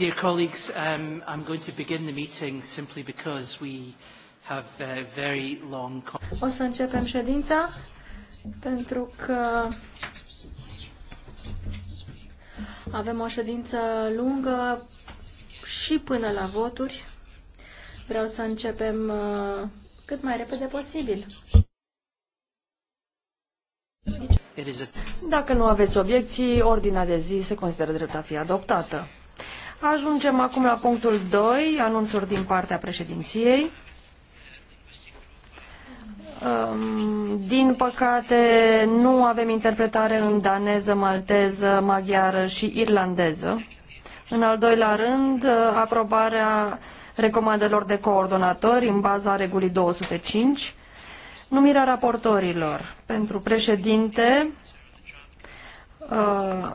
Dear colleagues, um, I'm going to begin the meeting simply because we have uh, very long... O să începem ședința pentru că avem o ședință lungă și până la voturi. Vreau să începem uh, cât mai repede posibil. Dacă nu aveți obiecții, ordinea de zi se consideră drept a fi adoptată. Ajungem acum la punctul 2, anunțuri din partea președinției. Din păcate, nu avem interpretare în daneză, malteză, maghiară și irlandeză. În al doilea rând, aprobarea recomandelor de coordonatori în baza regulii 205, numirea raportorilor pentru președinte, uh,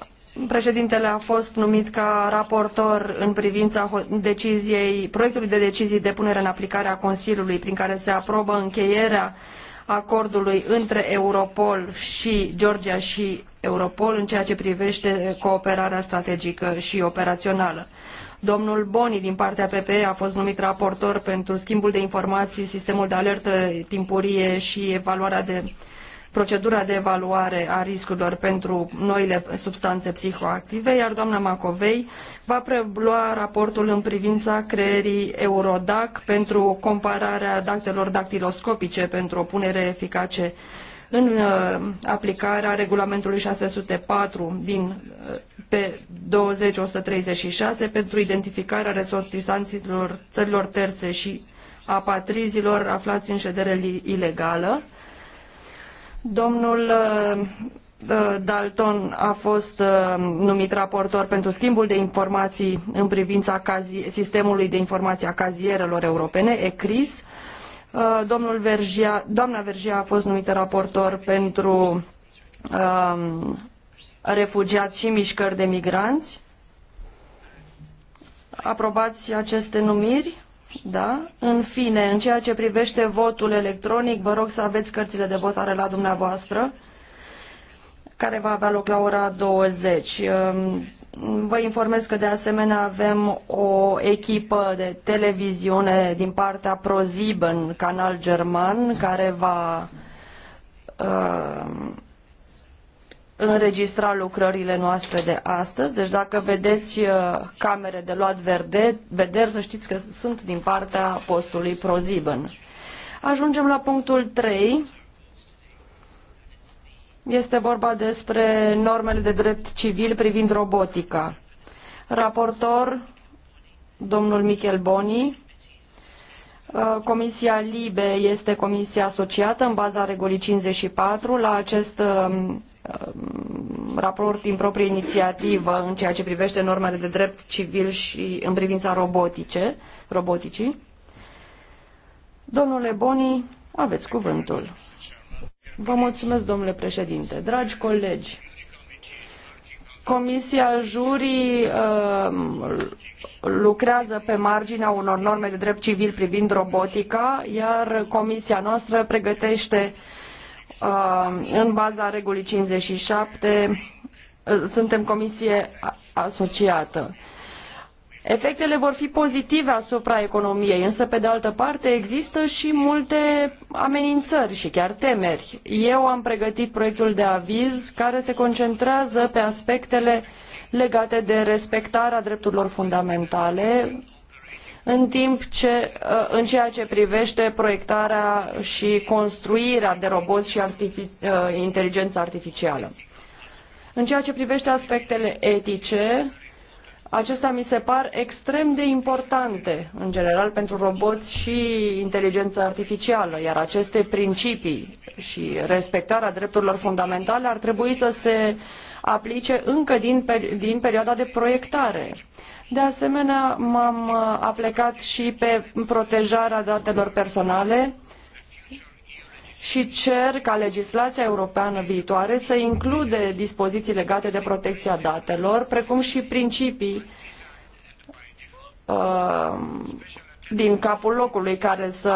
Președintele a fost numit ca raportor în privința deciziei, proiectului de decizii de punere în aplicare a Consiliului prin care se aprobă încheierea acordului între Europol și Georgia și Europol în ceea ce privește cooperarea strategică și operațională. Domnul Boni din partea PPE a fost numit raportor pentru schimbul de informații, sistemul de alertă timpurie și evaluarea de procedura de evaluare a riscurilor pentru noile substanțe psihoactive, iar doamna Macovei va prelua raportul în privința creării Eurodac pentru compararea datelor dactiloscopice pentru o punere eficace în uh, aplicarea regulamentului 604 din uh, pe 20.136 pentru identificarea resortisanților țărilor terțe și apatrizilor aflați în ședere ilegală Domnul uh, uh, Dalton a fost uh, numit raportor pentru schimbul de informații în privința sistemului de informații a cazierelor europene, ECRIS. Domnul Vergia, doamna Vergia a fost numită raportor pentru um, refugiați și mișcări de migranți. Aprobați aceste numiri? Da? În fine, în ceea ce privește votul electronic, vă rog să aveți cărțile de votare la dumneavoastră care va avea loc la ora 20. Um, vă informez că de asemenea avem o echipă de televiziune din partea ProSieben, canal german, care va uh, înregistra lucrările noastre de astăzi. Deci dacă vedeți uh, camere de luat verde, vederi, să știți că sunt din partea postului Proziben. Ajungem la punctul 3. Este vorba despre normele de drept civil privind robotica. Raportor, domnul Michel Boni, Uh, comisia LIBE este comisia asociată în baza regulii 54 la acest um, um, raport din proprie inițiativă în ceea ce privește normele de drept civil și în privința robotice, roboticii. Domnule Boni, aveți cuvântul. Vă mulțumesc, domnule președinte. Dragi colegi, Comisia Jurii um, lucrează pe marginea unor norme de drept civil privind robotica, iar comisia noastră pregătește um, în baza regulii 57 uh, suntem comisie asociată. Efectele vor fi pozitive asupra economiei, însă pe de altă parte există și multe amenințări și chiar temeri. Eu am pregătit proiectul de aviz care se concentrează pe aspectele legate de respectarea drepturilor fundamentale, în timp ce uh, în ceea ce privește proiectarea și construirea de roboți și artific- uh, inteligența artificială. În ceea ce privește aspectele etice, Acestea mi se par extrem de importante, în general, pentru roboți și inteligența artificială, iar aceste principii și respectarea drepturilor fundamentale ar trebui să se aplice încă din, din perioada de proiectare. De asemenea, m-am uh, aplecat și pe protejarea datelor personale, și cer ca legislația europeană viitoare să includă dispoziții legate de protecția datelor, precum și principii uh, din capul locului care să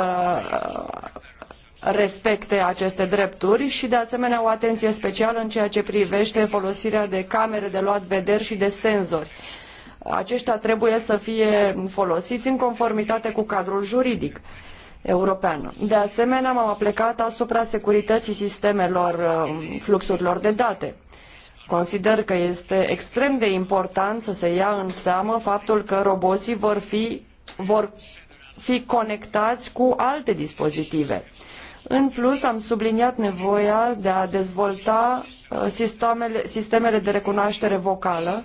uh, respecte aceste drepturi și de asemenea o atenție specială în ceea ce privește folosirea de camere de luat vederi și de senzori. Aceștia trebuie să fie folosiți în conformitate cu cadrul juridic. Uh, europeană. De asemenea, m-am aplicat asupra securității sistemelor uh, fluxurilor de date. Consider că este extrem de important să se ia în seamă faptul că roboții vor fi, vor fi conectați cu alte dispozitive. În plus, am subliniat nevoia de a dezvolta uh, sistemele, sistemele de recunoaștere vocală,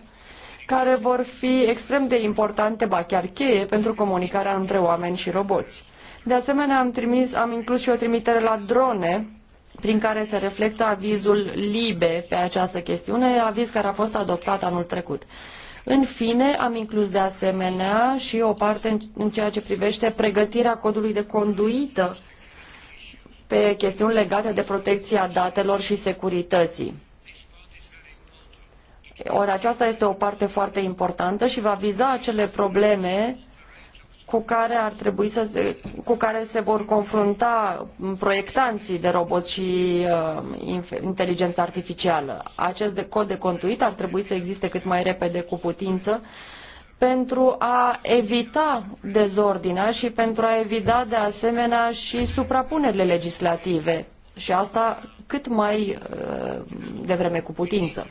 care vor fi extrem de importante, ba chiar cheie, pentru comunicarea între oameni și roboți. De asemenea, am, trimis, am inclus și o trimitere la drone, prin care se reflectă avizul LIBE pe această chestiune, aviz care a fost adoptat anul trecut. În fine, am inclus de asemenea și o parte în ceea ce privește pregătirea codului de conduită pe chestiuni legate de protecția datelor și securității. Ori aceasta este o parte foarte importantă și va viza acele probleme cu care ar trebui să se, cu care se vor confrunta proiectanții de roboti și uh, inteligența artificială. Acest de cod de conduit ar trebui să existe cât mai repede cu putință pentru a evita dezordinea și pentru a evita de asemenea și suprapunerile legislative și asta cât mai uh, devreme cu putință.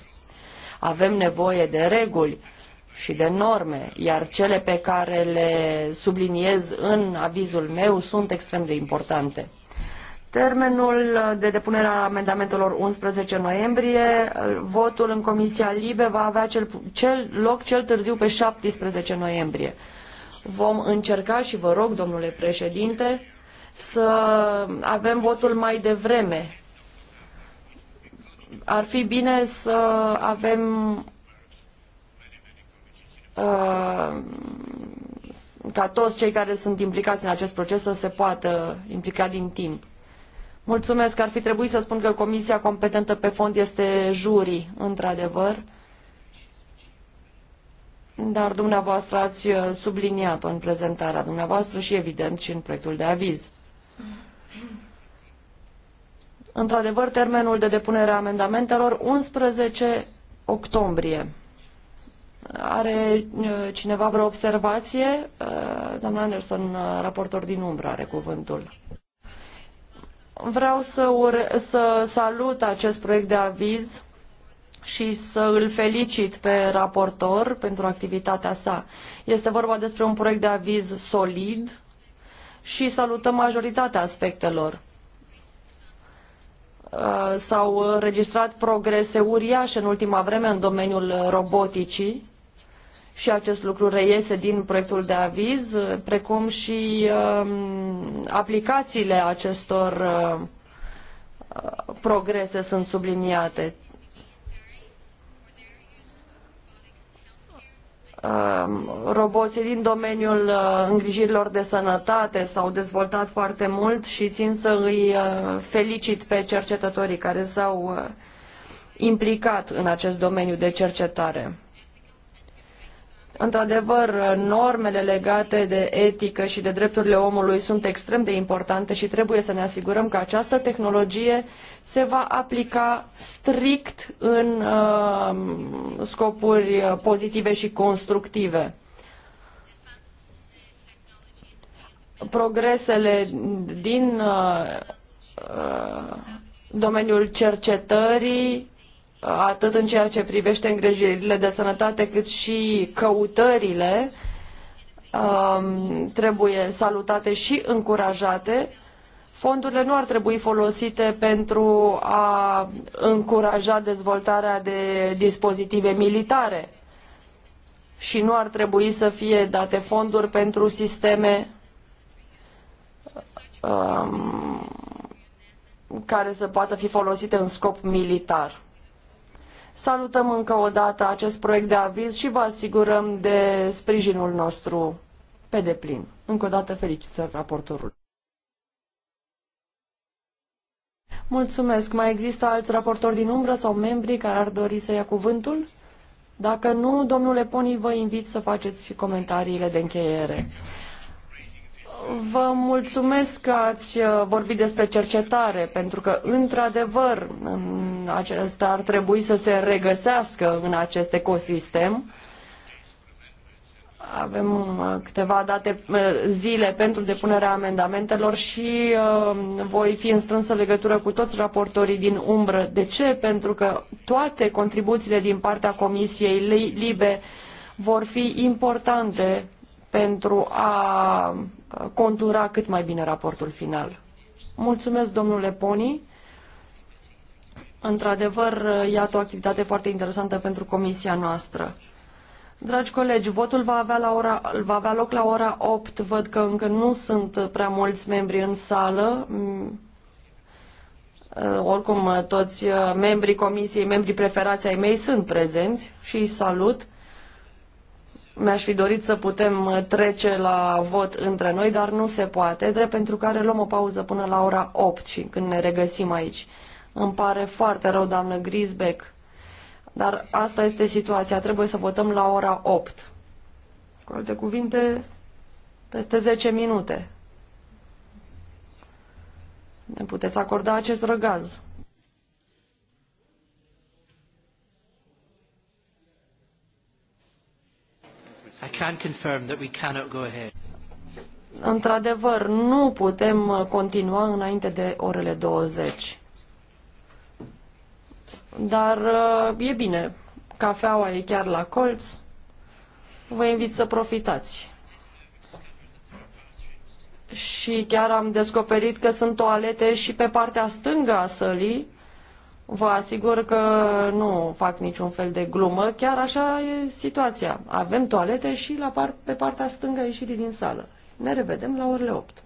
Avem nevoie de reguli și de norme, iar cele pe care le subliniez în avizul meu sunt extrem de importante. Termenul de depunere a amendamentelor 11 noiembrie, votul în Comisia Libe va avea cel, cel loc cel târziu pe 17 noiembrie. Vom încerca și vă rog, domnule președinte, să avem votul mai devreme. Ar fi bine să avem Uh, ca toți cei care sunt implicați în acest proces să se poată implica din timp. Mulțumesc, ar fi trebuit să spun că comisia competentă pe fond este juri, într-adevăr, dar dumneavoastră ați uh, subliniat-o în prezentarea dumneavoastră și, evident, și în proiectul de aviz. Într-adevăr, termenul de depunere a amendamentelor 11 octombrie. Are uh, cineva vreo observație? Uh, doamna Anderson, uh, raportor din umbră, are cuvântul. Vreau să, ure- să salut acest proiect de aviz și să îl felicit pe raportor pentru activitatea sa. Este vorba despre un proiect de aviz solid și salutăm majoritatea aspectelor s-au registrat progrese uriașe în ultima vreme în domeniul roboticii și acest lucru reiese din proiectul de aviz, precum și um, aplicațiile acestor uh, progrese sunt subliniate. Um, roboții din domeniul uh, îngrijirilor de sănătate s-au dezvoltat foarte mult și țin să îi uh, felicit pe cercetătorii care s-au implicat în acest domeniu de cercetare. Într-adevăr, normele legate de etică și de drepturile omului sunt extrem de importante și trebuie să ne asigurăm că această tehnologie se va aplica strict în uh, scopuri pozitive și constructive. Progresele din uh, uh domeniul cercetării atât în ceea ce privește îngrijirile de sănătate, cât și căutările, um, trebuie salutate și încurajate. Fondurile nu ar trebui folosite pentru a încuraja dezvoltarea de dispozitive militare și nu ar trebui să fie date fonduri pentru sisteme um, care să poată fi folosite în scop militar. Salutăm încă o dată acest proiect de aviz și vă asigurăm de sprijinul nostru pe deplin. Încă o dată felicitări raportorului. Mulțumesc. Mai există alți raportori din umbră sau membri care ar dori să ia cuvântul? Dacă nu, domnule Poni, vă invit să faceți comentariile de încheiere vă mulțumesc că ați uh, vorbit despre cercetare, pentru că, într-adevăr, acesta ar trebui să se regăsească în acest ecosistem. Avem uh, câteva date, uh, zile pentru depunerea amendamentelor și voi fi în strânsă legătură cu toți raportorii din umbră. De ce? Pentru că toate contribuțiile din partea Comisiei Libe vor fi importante pentru a contura cât mai bine raportul final. Mulțumesc, domnule Poni. Într-adevăr, iată o activitate foarte interesantă pentru comisia noastră. Dragi colegi, votul va avea, la ora, va avea loc la ora 8. Văd că încă nu sunt prea mulți membri în sală. Mm. Oricum, toți membrii comisiei, membrii preferați ai mei sunt prezenți și îi salut. Mi-aș fi dorit să putem uh, trece la vot între noi, dar nu se poate, drept pentru care luăm o pauză până la ora 8 și când ne regăsim aici. Îmi pare foarte rău, doamnă Grisbeck, dar asta este situația. Trebuie să votăm la ora 8. Cu alte cuvinte, peste 10 minute. Ne puteți acorda acest răgaz. I can confirm that we cannot go ahead. Într-adevăr, nu putem uh, continua înainte de orele 20. Dar uh, e bine, cafeaua e chiar la colț. Vă invit să profitați. Și chiar am descoperit că sunt toalete și pe partea stângă a sălii, Vă asigur că nu fac niciun fel de glumă, chiar așa e situația. Avem toalete și la par pe partea stângă a ieșirii din sală. Ne revedem la orele 8.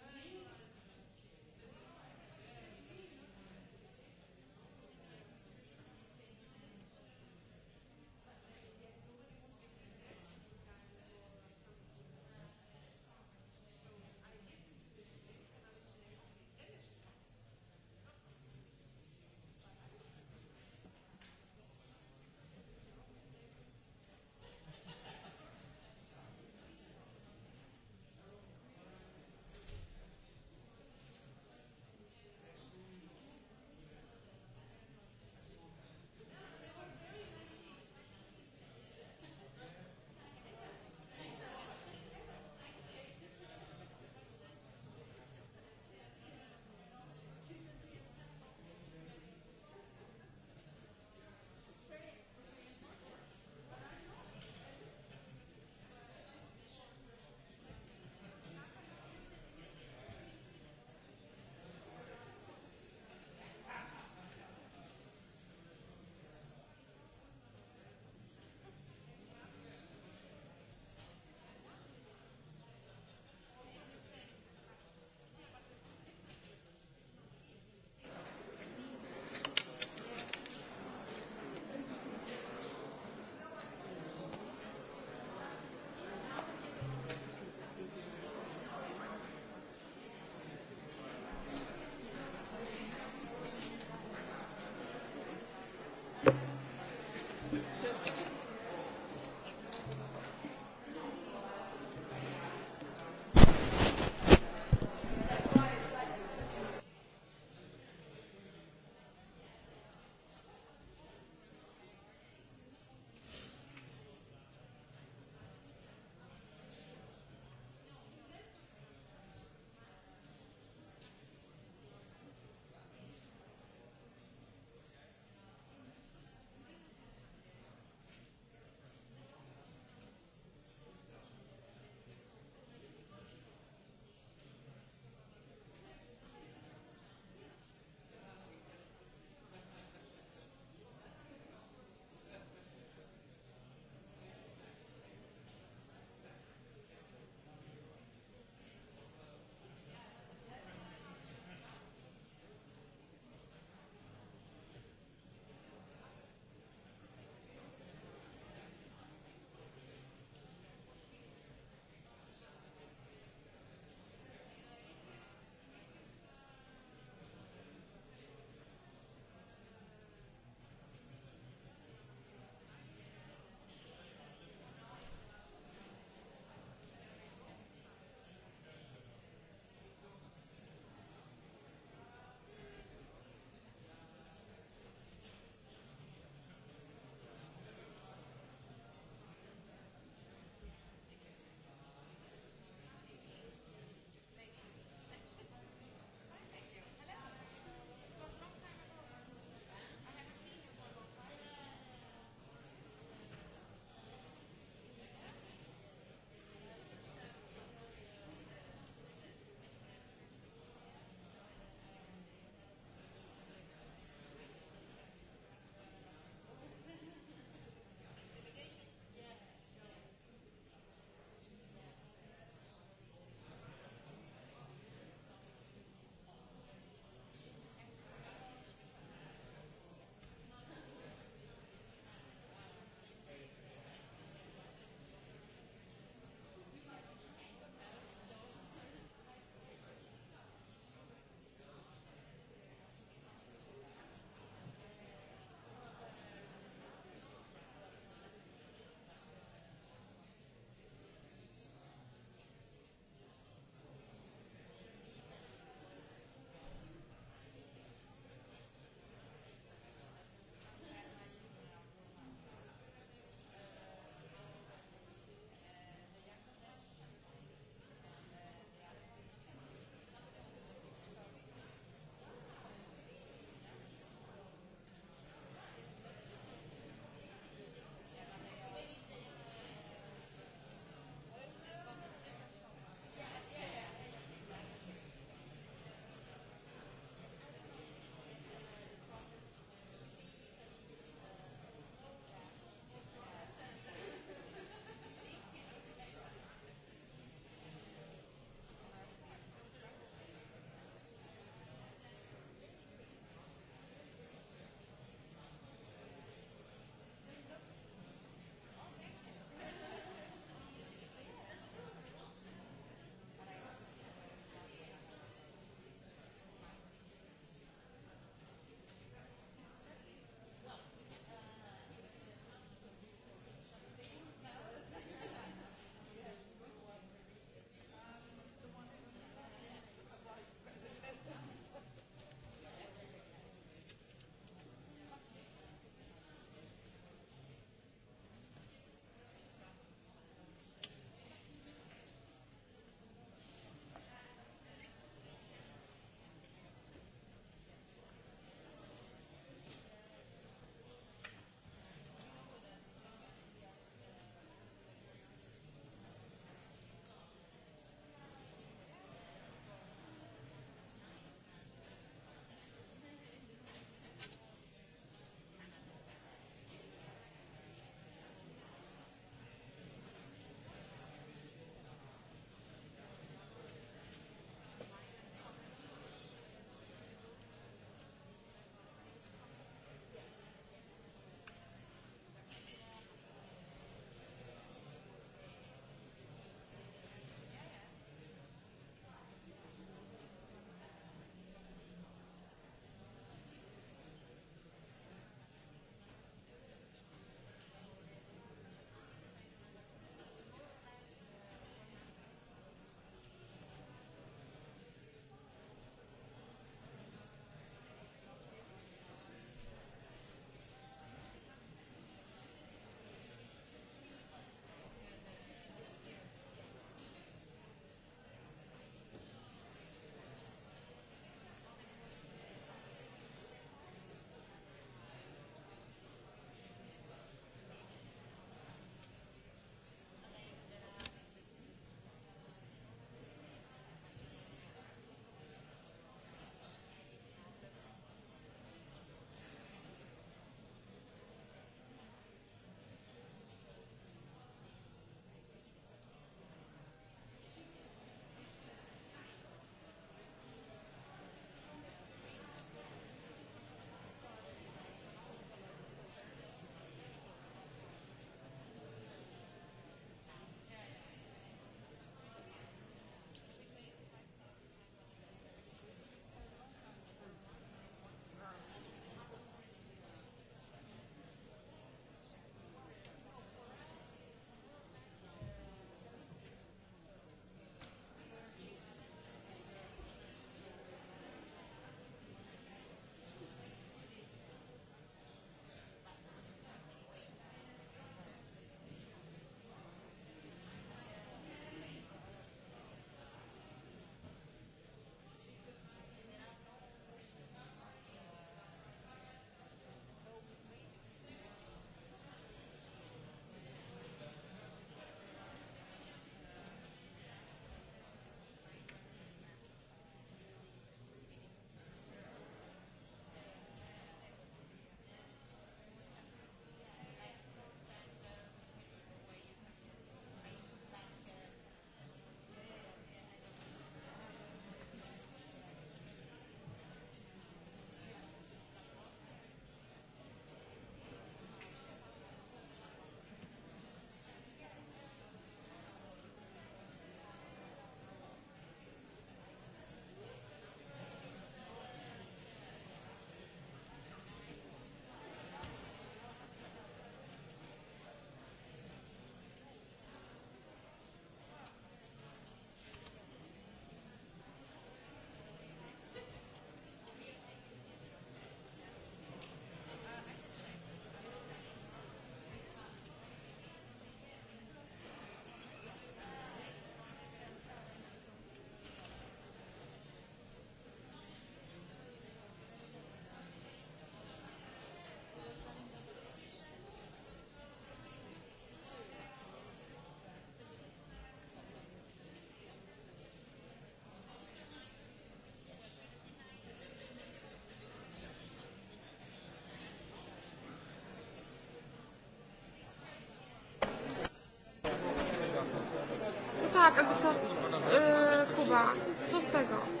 tak, ale to yy, Kuba, co z tego?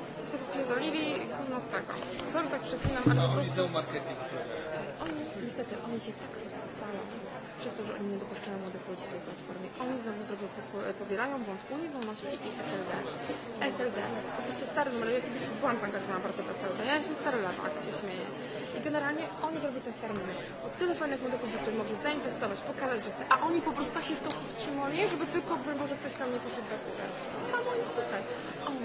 pierdolili gówno w tego. Sorry, tak przeklinam, ale po prostu... marketing. Słuchaj, oni, niestety, oni się tak rozstaną przez to, że oni nie dopuszczają młodych ludzi do tej platformy. Oni znowu zrobią, powielają błąd Unii Wolności i SLD. SLD, po prostu stary numer, ja kiedyś byłam zaangażowana bardzo w SLD, ja jestem stary lewak, się śmieję. I generalnie oni zrobią ten stary numer. Bo tyle fajnych młodych ludzi, którzy mogli zainwestować, pokazać, że chce, a oni po prostu tak się z tą powstrzymali, żeby tylko, by może ktoś tam nie poszedł do góry. To samo jest tutaj. Oni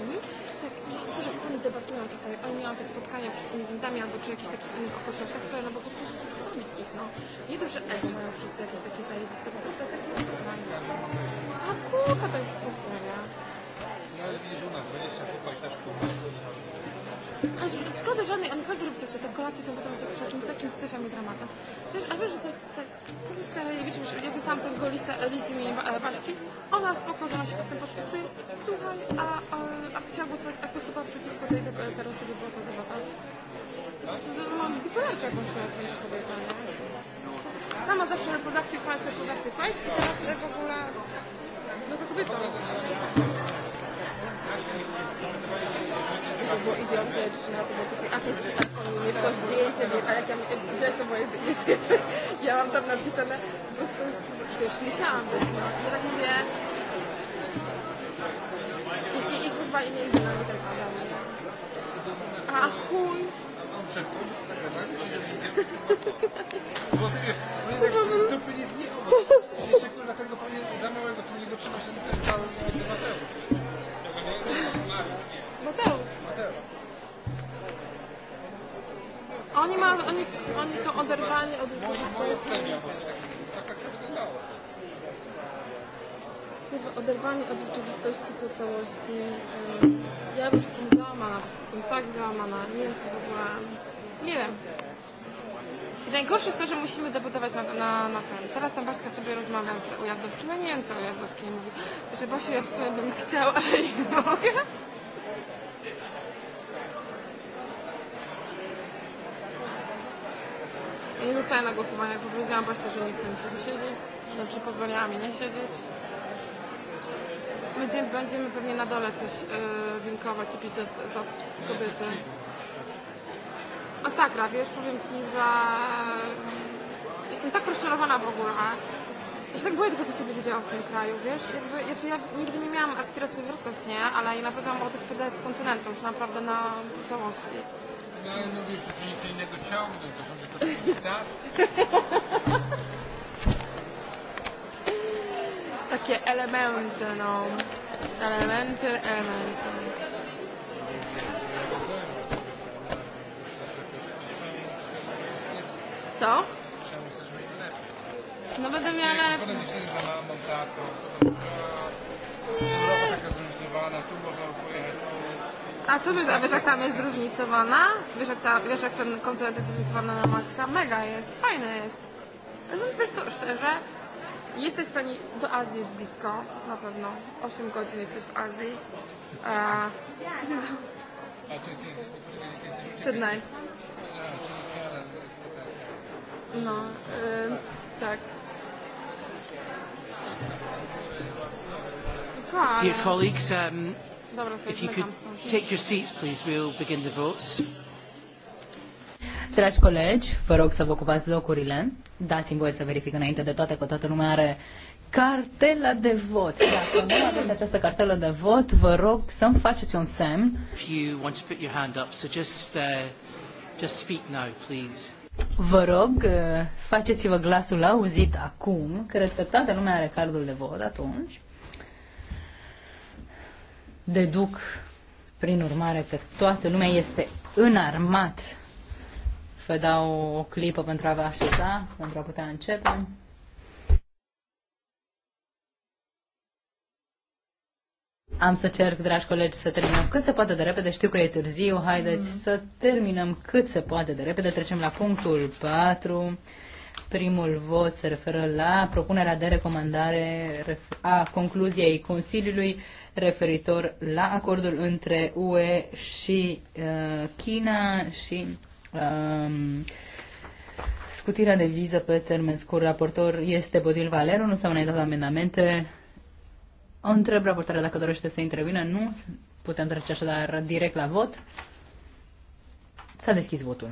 tak, nie że oni debatują tutaj, oni mają te spotkania przed inwentami albo przy jakichś takich innych okolicznościach, które no bo po prostu zabić ich, no. Nie to, że ego mają wszyscy jakieś takie zajebiste, po prostu jakaś normalna. A kurwa, to jest kuchnia, nie? ale widzisz u nas, 20 chłopak też kurwa szkoda żadnej, oni każdy robi coś te kolacje są potem się przy czymś takim syfem i dramatem. Przecież, a wiesz, że to jest tak, Polska Rajewicz, już jakby sam ten golista listy mi Baśki, ona spoko, że ona się potem podpisuje, słuchaj, a, a, a chciała głosować, a głosowała przeciwko tej teraz, żeby była ta debata. Mam bipolarkę jakąś teraz kobieta, nie? Sama zawsze reproductive rights, reproductive rights i teraz w ogóle, no to kobieta. Thank you какво идиотно е, че жената въпреки... Аз ще ако не в този ден се ви кажа, тя ми е жеста моя визия. Я вам там написана, просто wiesz, musiałam być, no. I tak mówię... I, i, i kurwa i między nami ten Adam, nie? A chuj! Kurwa, stupid is me, Oni, ma, oni, oni są oderwani od rzeczywistości. Kurwa, oderwani od rzeczywistości po całości. Ja już jestem załamana, po prostu jestem tak załamana. Nie wiem, co w ogóle... Nie wiem. I najgorsze jest to, że musimy debutować na, na, na ten. Teraz tam Baśka sobie rozmawia z Ujazdowskim. Ja nie wiem, co Ujazdowski mówi. Że Basiu, ja w sumie bym chciał, ale nie mogę. Nie zostaję na głosowanie, jak powiedziałam Państwu, że nie chcę tu siedzieć, znaczy pozwoliła mi nie siedzieć. Będziemy, będziemy pewnie na dole coś yy, winkować i pić za, za kobiety. Masakra, wiesz, powiem Ci, że jestem tak rozczarowana w ogóle. Ja się tak boję tego, co się będzie działo w tym kraju, wiesz? Jakby, ja, ja nigdy nie miałam aspiracji wrócić, nie? Ale ja na pewno mam ochotę sprzedać z kontynentu, już naprawdę na całości. Ja no no. Elementy, elementy. Co? No będę miała... Nie. Europa taka zróżnicowana, tu można a co wiesz, a wiesz jak tam jest zróżnicowana? Wiesz jak, ta, wiesz jak ten koncert jest zróżnicowany na maksa? Mega jest, fajny jest. Wiesz co, szczerze, jesteś w stanie, do Azji jest blisko, na pewno. 8 godzin jesteś w Azji. A, Sydney. No, yy, tak. Dear colleagues, um, If you could take your seats, please, we'll begin the votes. Dragi colegi, vă rog să vă ocupați locurile. Dați-mi voie să verific înainte de toate că toată lumea are cartela de vot. Dacă nu aveți această cartelă de vot, vă rog să-mi faceți un semn. Vă rog, uh, faceți-vă glasul auzit acum. Cred că toată lumea are cardul de vot atunci. Deduc, prin urmare, că toată lumea este înarmat. Vă dau o clipă pentru a vă așeza, pentru a putea începe. Am să cer, dragi colegi, să terminăm cât se poate de repede. Știu că e târziu, haideți mm. să terminăm cât se poate de repede. Trecem la punctul 4. Primul vot se referă la propunerea de recomandare a concluziei Consiliului referitor la acordul între UE și uh, China și um, scutirea de viză pe termen scurt. Raportor este Bodil Valero, nu s-au înaintat amendamente. O întreb raportarea dacă dorește să intervină. Nu, putem trece așadar direct la vot. S-a deschis votul.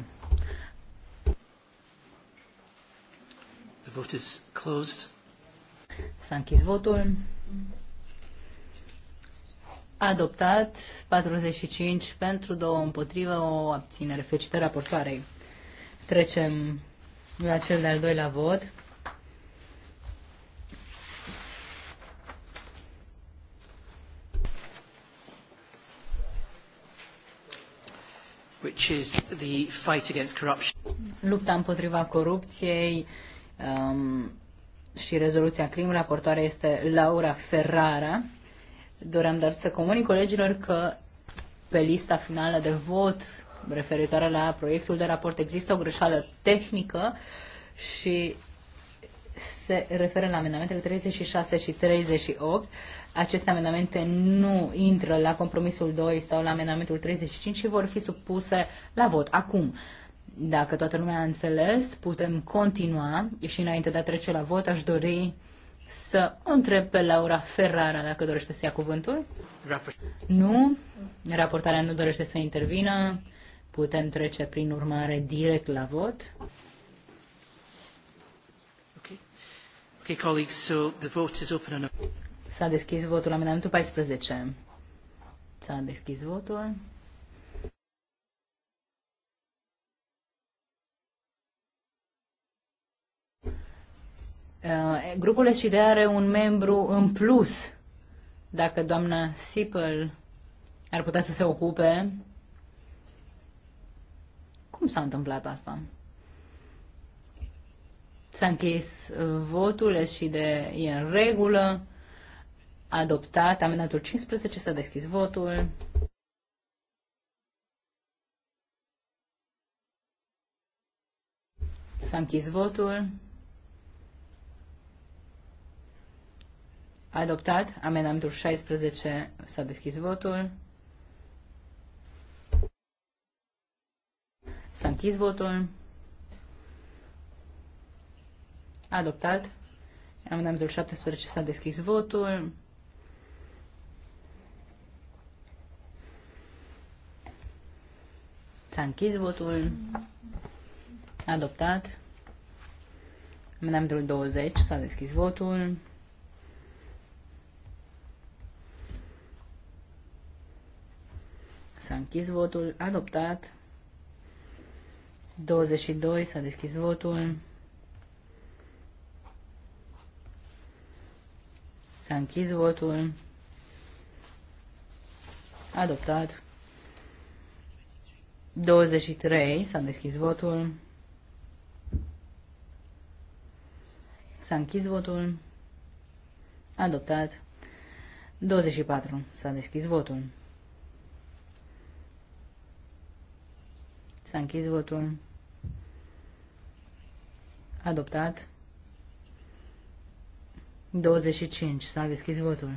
The vote is closed. S-a închis votul. Adoptat 45 pentru 2 împotrivă, o abținere. Felicitări raportoarei. Trecem la cel de-al doilea vot. Which is the fight against corruption. Lupta împotriva corupției um, și rezoluția crim. Raportoarea este Laura Ferrara. Doream doar să comunic colegilor că pe lista finală de vot referitoare la proiectul de raport există o greșeală tehnică și se referă la amendamentele 36 și 38. Aceste amendamente nu intră la compromisul 2 sau la amendamentul 35 și vor fi supuse la vot acum. Dacă toată lumea a înțeles, putem continua și înainte de a trece la vot aș dori să o întreb pe Laura Ferrara dacă dorește să ia cuvântul. Nu, raportarea nu dorește să intervină. Putem trece prin urmare direct la vot. Okay. colleagues, so the vote is open on... S-a deschis votul amendamentul 14. S-a deschis votul. Uh, grupul SCD are un membru în plus. Dacă doamna Sipel ar putea să se ocupe, cum s-a întâmplat asta? S-a închis uh, votul și de e în regulă. Adoptat amendatul 15, s-a deschis votul. S-a închis votul. Adoptat. Amendamentul 16 s-a deschis votul. S-a închis votul. Adoptat. Amendamentul 17 s-a deschis votul. S-a închis votul. Adoptat. Amendamentul 20 s-a deschis votul. S-a închis votul. Adoptat. 22. S-a deschis votul. S-a închis votul. Adoptat. 23. S-a deschis votul. S-a închis votul. Adoptat. 24. S-a deschis votul. S-a închis votul. Adoptat. 25. S-a deschis votul.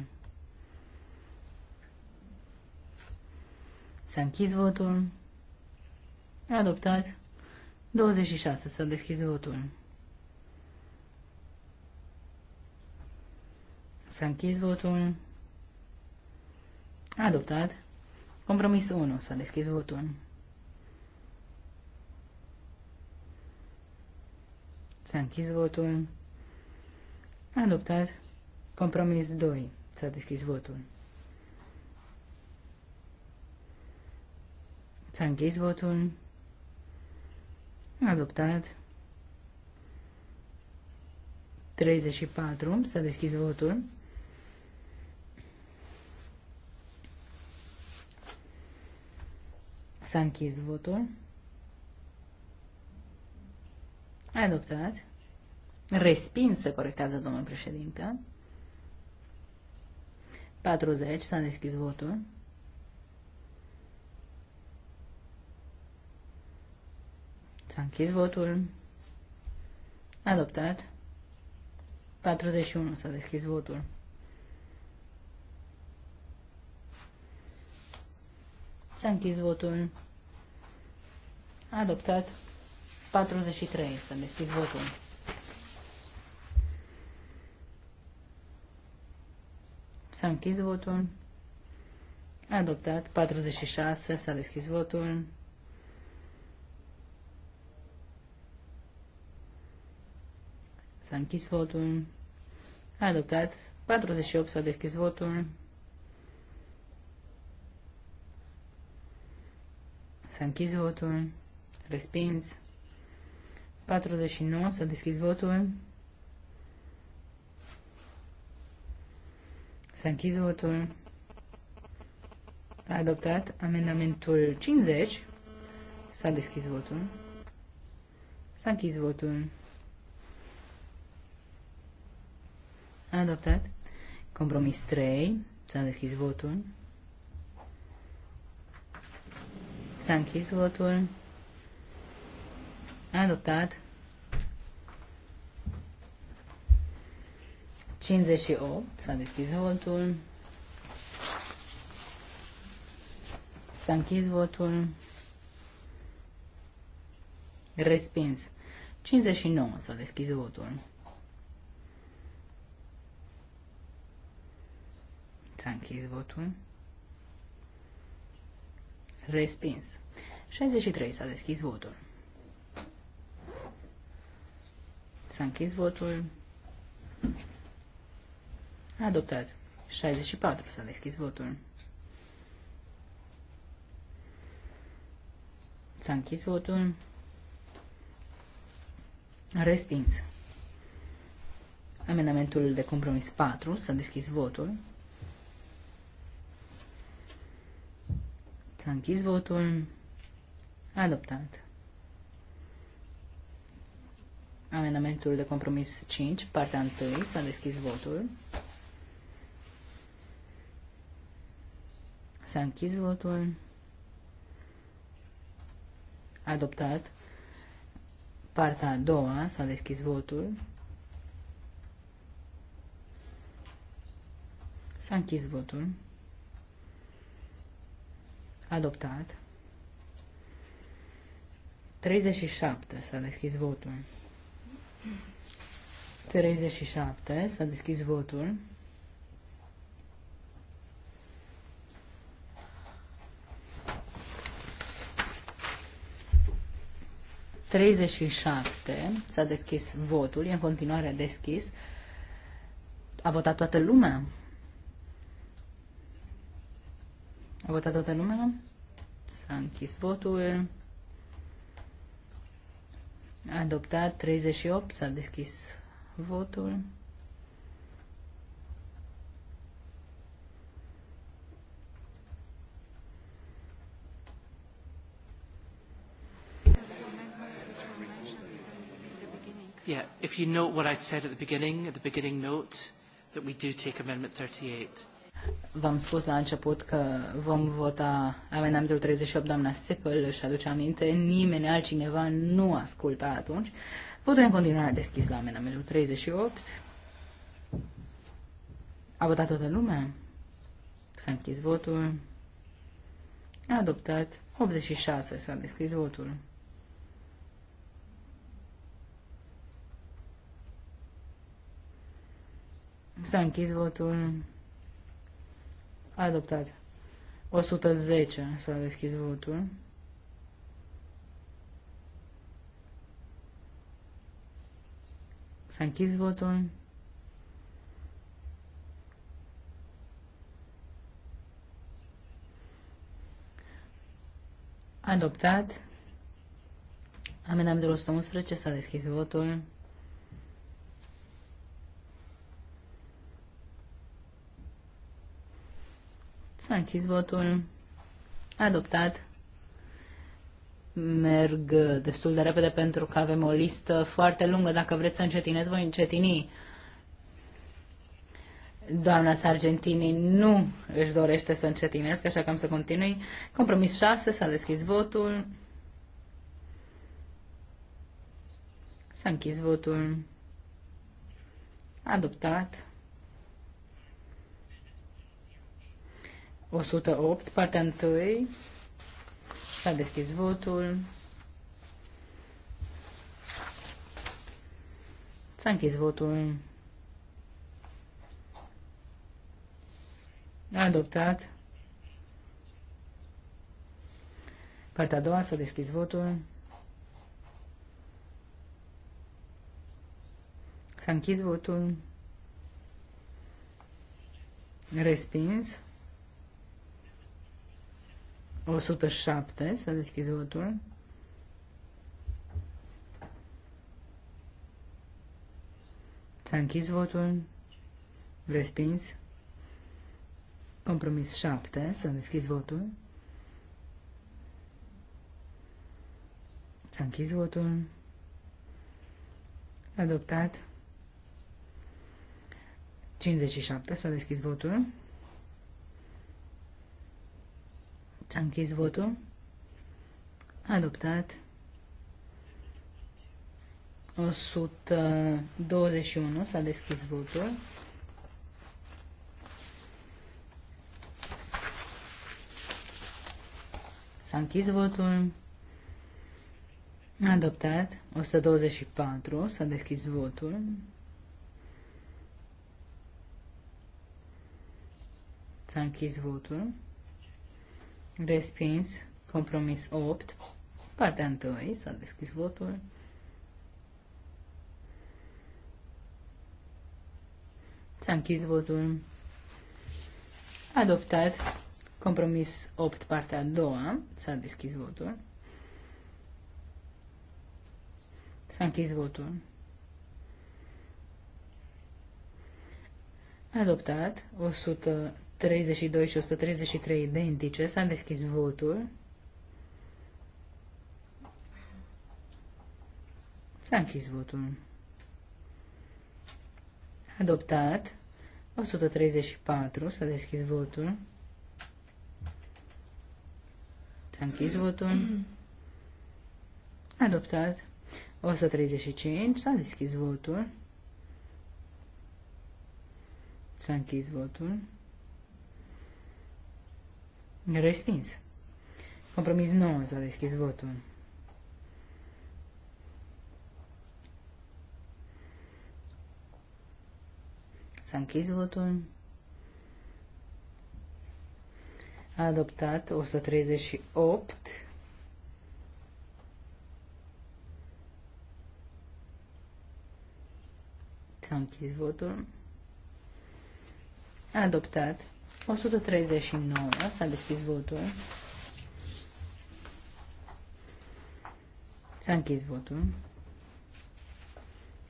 S-a închis votul. Adoptat. 26. S-a deschis votul. S-a închis votul. Adoptat. Compromis 1. S-a deschis votul. S-a închis votul. A Adoptat. Compromis 2. S-a deschis votul. S-a închis votul. A Adoptat. 34. S-a deschis votul. S-a închis votul. Adoptat. Respins se corectează domnul președinte. 40. S-a deschis votul. S-a închis votul. Adoptat. 41. S-a deschis votul. S-a închis votul. Adoptat. 43. Să deschizi votul. S-a închis votul. Adoptat. 46. S-a deschis votul. S-a închis votul. Adoptat. 48. S-a deschis votul. S-a închis votul. Respins. 49, să a deschis votul. S-a închis votul. A adoptat amendamentul 50. S-a deschis votul. S-a închis votul. A adoptat. Compromis 3. S-a deschis votul. S-a închis votul. Adoptat. 58. S-a deschis votul. S-a închis votul. Respins. 59. S-a deschis votul. S-a închis votul. Respins. 63. S-a deschis votul. S-a închis votul. Adoptat. 64. S-a deschis votul. S-a închis votul. Respins. Amendamentul de compromis 4. S-a deschis votul. S-a închis votul. Adoptat. Amendamentul de compromis 5, partea 1, s-a deschis votul. S-a închis votul. Adoptat. Partea a doua s-a deschis votul. S-a închis votul. Adoptat. 37 s-a deschis votul. 37. S-a deschis votul. Treizeci și S-a deschis votul. E în continuare deschis. A votat toată lumea? A votat toată lumea? S-a închis votul. Adoptat 38, s-a deschis votul. Yeah, if you note what I said at the beginning, at the beginning note, that we do take Amendment 38. V-am spus la început că vom vota amendamentul 38, doamna Sepăl își aduce aminte, nimeni altcineva nu asculta atunci. Votul în continuare deschis la amendamentul 38. A votat toată lumea? S-a închis votul. A adoptat 86, s-a deschis votul. S-a închis votul. Adoptat. 110 s-a deschis votul. S-a închis votul. Adoptat. Amendamentul 111 s-a deschis votul. S-a închis votul. Adoptat. Merg destul de repede pentru că avem o listă foarte lungă. Dacă vreți să încetinez, voi încetini. Doamna Sargentini nu își dorește să încetinesc, așa că am să continui. Compromis 6, s-a deschis votul. S-a închis votul. Adoptat. 108, partea 1. S-a deschis votul. S-a închis votul. A adoptat. Partea a doua, s-a deschis votul. S-a închis votul. Respins. 107, să deschizi votul. S-a închis votul. Respins. Compromis 7. să deschizi votul. S-a închis votul. Adoptat. 57. S-a deschis votul. S-a închis votul. Adoptat. 121 s-a deschis votul. S-a închis votul. Adoptat. 124 s-a deschis votul. S-a închis votul. Respins. Compromis 8. Partea 1. S-a deschis votul. S-a închis votul. Adoptat. Compromis 8, partea a doua. S-a deschis votul. S-a închis votul. Adoptat. 100 132 și 133 identice. S-a deschis votul. S-a închis votul. Adoptat. 134. S-a deschis votul. S-a închis votul. Adoptat. 135. S-a deschis votul. S-a închis votul. Respins. Compromis 9 s-a deschis votul. S-a închis votul. A adoptat 138. S-a închis votul. A adoptat 139. S-a deschis votul. S-a închis votul.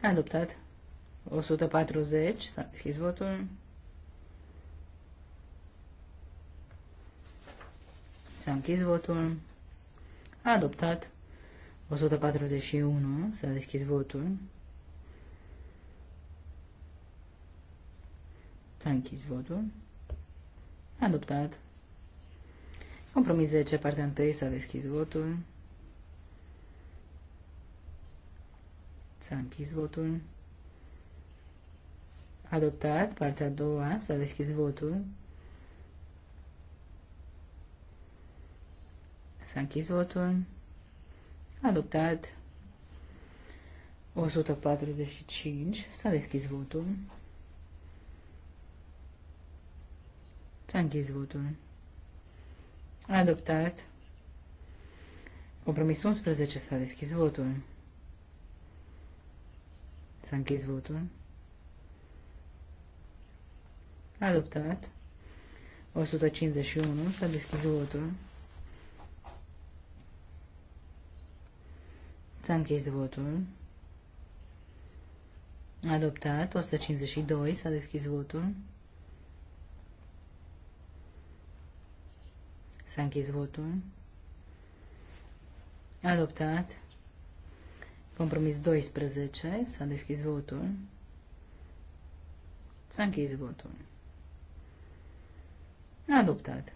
A adoptat. 140. S-a deschis votul. S-a închis votul. A adoptat. 141. S-a deschis votul. S-a închis votul. Adoptat. Compromis 10, partea 1, s-a deschis votul. S-a închis votul. Adoptat, partea 2, s-a deschis votul. S-a închis votul. Adoptat. 145. S-a deschis votul. S-a închis votul. Adoptat. Compromis 11 s-a deschis votul. S-a închis votul. Adoptat. 151 s-a deschis votul. S-a închis votul. Adoptat. 152 s-a deschis votul. S-a închis votul. Adoptat. Compromis 12. S-a deschis votul. S-a închis votul. Adoptat.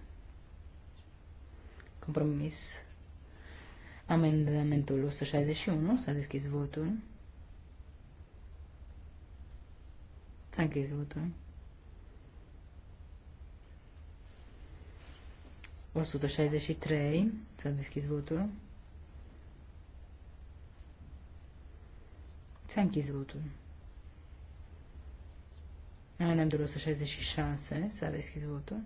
Compromis. Amendamentul 161. S-a deschis votul. S-a închis votul. 163. Să deschis votul. S-a închis votul. Amendamentul 166. S-a deschis votul.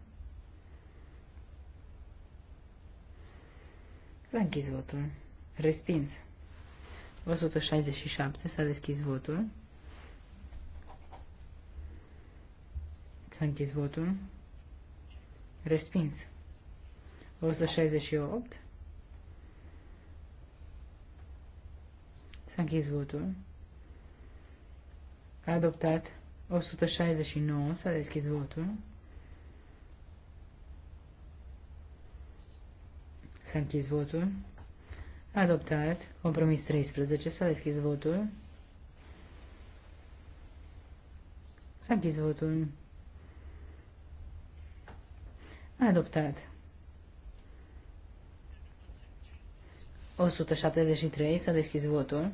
S-a închis votul. Respins. 167. S-a deschis votul. S-a închis votul. Respins. 168. S-a închis votul. A adoptat 169. S-a deschis votul. S-a închis votul. A adoptat compromis 13. S-a deschis votul. S-a închis votul. A adoptat 173, să deschis votul.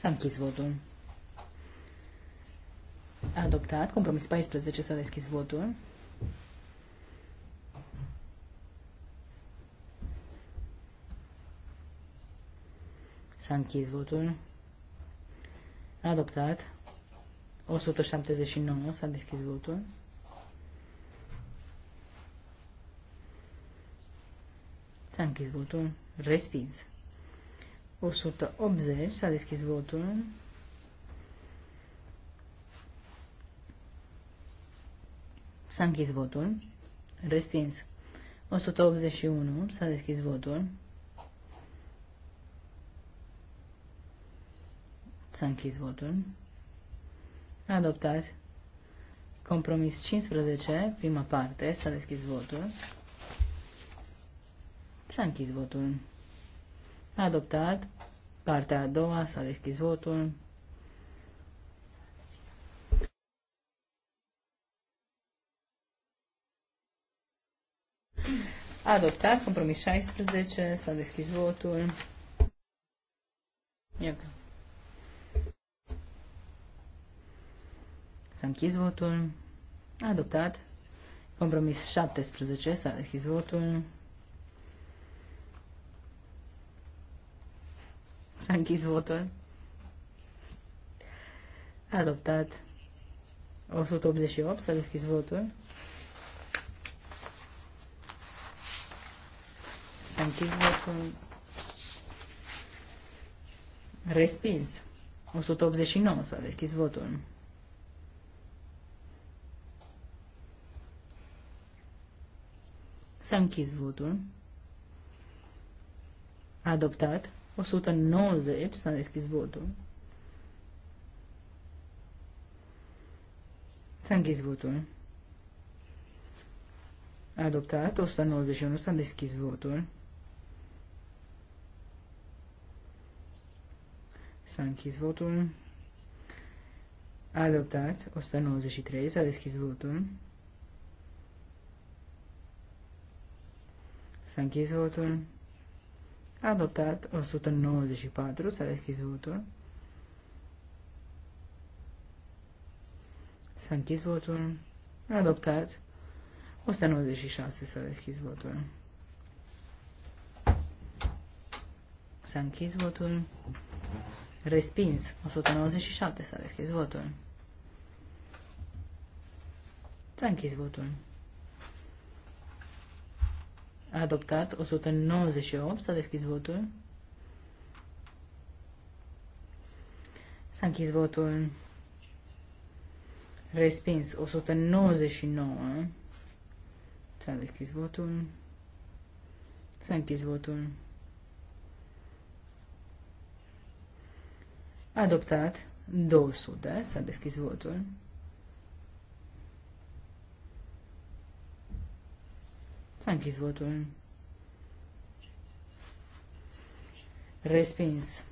S-a închis votul. A adoptat. Compromis 14 s-a deschis votul. S-a închis votul. A adoptat. 179 s-a deschis votul. S-a închis votul. Respins. 180. S-a deschis votul. S-a închis votul. Respins. 181. S-a deschis votul. S-a închis votul. Adoptat. Compromis 15, prima parte, s-a deschis votul. S-a închis votul. Adoptat. Partea a doua s-a deschis votul. Adoptat. Compromis 16 s-a deschis votul. Iaca. S-a închis votul. Adoptat. Compromis 17 s-a deschis votul. S-a închis votul. Adoptat. 188. S-a deschis votul. S-a închis votul. Respins. 189. S-a deschis votul. S-a închis votul. Adoptat. 190. S-a deschis votul. S-a închis votul. Adoptat. 191. S-a deschis votul. S-a închis votul. Adoptat. 193. S-a deschis votul. S-a închis votul. Adoptat 194, s-a deschis votul. S-a închis votul. Adoptat 196, s-a deschis votul. S-a închis votul. Respins 197, s-a deschis votul. S-a închis votul. Adoptat. 198. S-a deschis votul. S-a închis votul. Respins. 199. S-a deschis votul. S-a închis votul. Adoptat. 200. S-a deschis votul. S-a închis votul. Respins.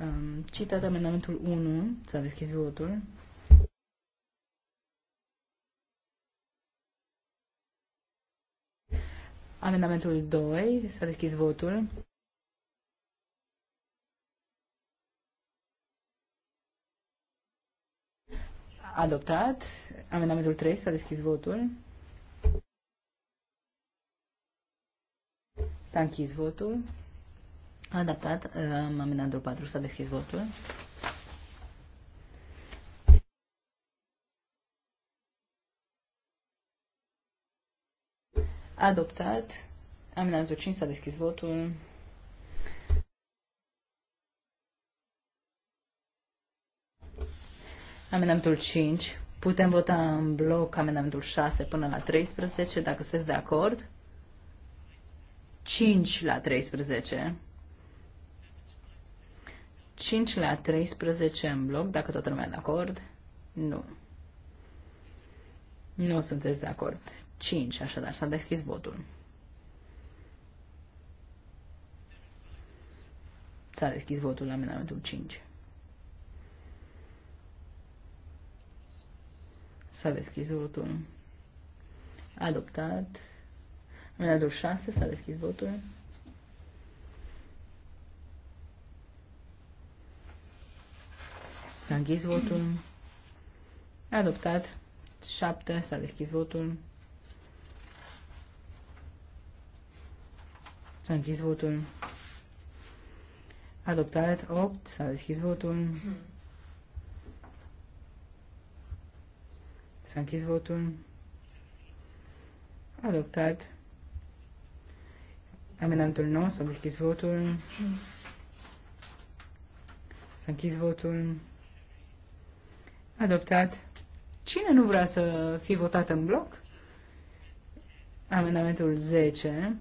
Um, Citat amendamentul 1. S-a deschis votul. Amendamentul 2. S-a deschis votul. Adoptat. Amendamentul 3. S-a deschis votul. S-a închis votul. A Adaptat. Uh, amendamentul patru, S-a deschis votul. Adoptat. Am Amendamentul 5. S-a deschis votul. Amendamentul 5. Putem vota în bloc amendamentul 6 până la 13, dacă sunteți de acord. 5 la 13. 5 la 13 în bloc, dacă toată lumea de acord. Nu. Nu sunteți de acord. 5, așadar, s-a deschis votul. S-a deschis votul la amendamentul 5. S-a deschis votul. Adoptat. În Amendamentul 6, s-a deschis votul. S-a închis votul. Adoptat. 7, s-a deschis votul. S-a închis votul. Adoptat 8, s-a deschis votul. S-a închis votul. Adoptat Amendamentul nou, s-a deschis votul. S-a închis votul. Adoptat. Cine nu vrea să fie votat în bloc? Amendamentul 10.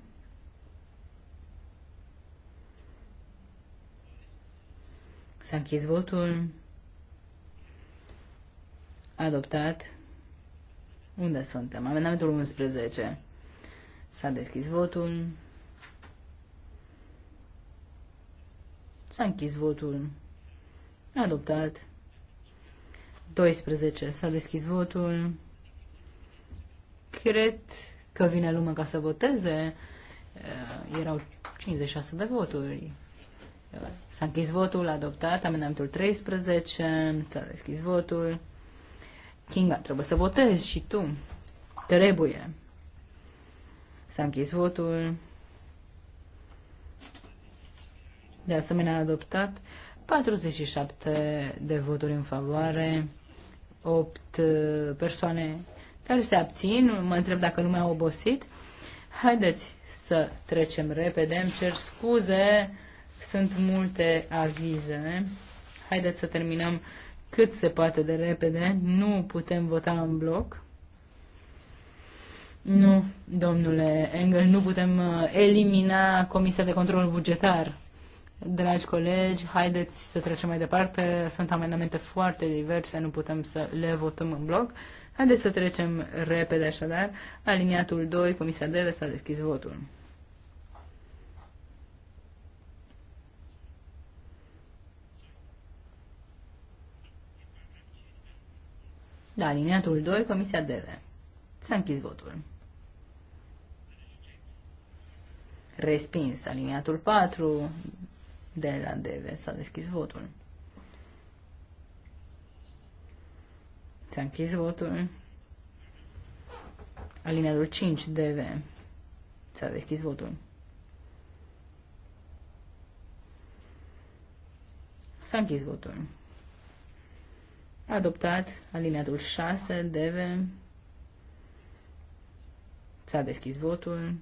S-a închis votul. Adoptat. Unde suntem? Amendamentul 11. S-a deschis votul. S-a închis votul. Adoptat. 12. S-a deschis votul. Cred că vine lumea ca să voteze. Uh, erau 56 de voturi. Uh, s-a închis votul, adoptat. Amendamentul 13. S-a deschis votul. Kinga, trebuie să votezi și tu. Trebuie. S-a închis votul. de asemenea adoptat, 47 de voturi în favoare, 8 uh, persoane care se abțin, mă întreb dacă lumea a obosit. Haideți să trecem repede, îmi cer scuze, sunt multe avize. Haideți să terminăm cât se poate de repede, nu putem vota în bloc. Nu, domnule Engel, nu putem uh, elimina Comisia de Control Bugetar. Dragi colegi, haideți să trecem mai departe. Sunt amendamente foarte diverse, nu putem să le votăm în bloc. Haideți să trecem repede așadar. Aliniatul 2, Comisia Deve s-a deschis votul. Da, aliniatul 2, Comisia Deve. S-a închis votul. Respins aliniatul 4, de la DV. S-a deschis votul. S-a închis votul. Alineatul 5, DV. S-a deschis votul. S-a închis votul. Adoptat alineatul 6, DV. S-a deschis votul.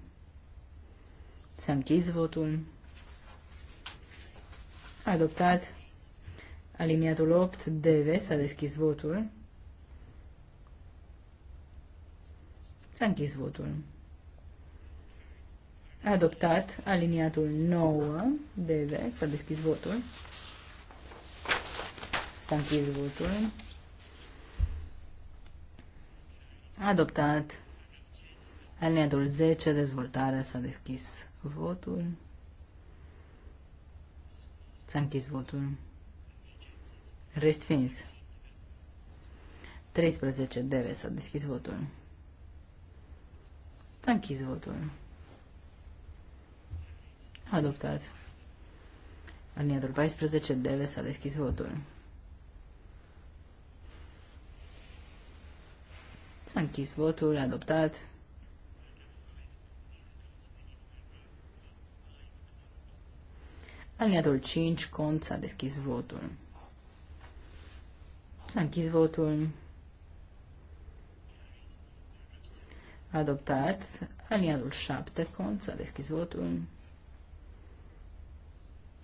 S-a închis votul. Adoptat. Aliniatul 8, DV, s-a deschis votul. S-a închis votul. Adoptat. Aliniatul 9, DV, s-a deschis votul. S-a închis votul. Adoptat. Aliniatul 10, dezvoltare, s-a deschis votul. S-a închis votul. Respins. 13 deve s-a deschis votul. S-a închis votul. Adoptat. Aliniatul 14 deve s-a deschis votul. S-a închis votul, adoptat. Aliniatul 5, cont, s-a deschis votul. S-a închis votul. Adoptat. Aliniatul 7, cont, s-a deschis votul.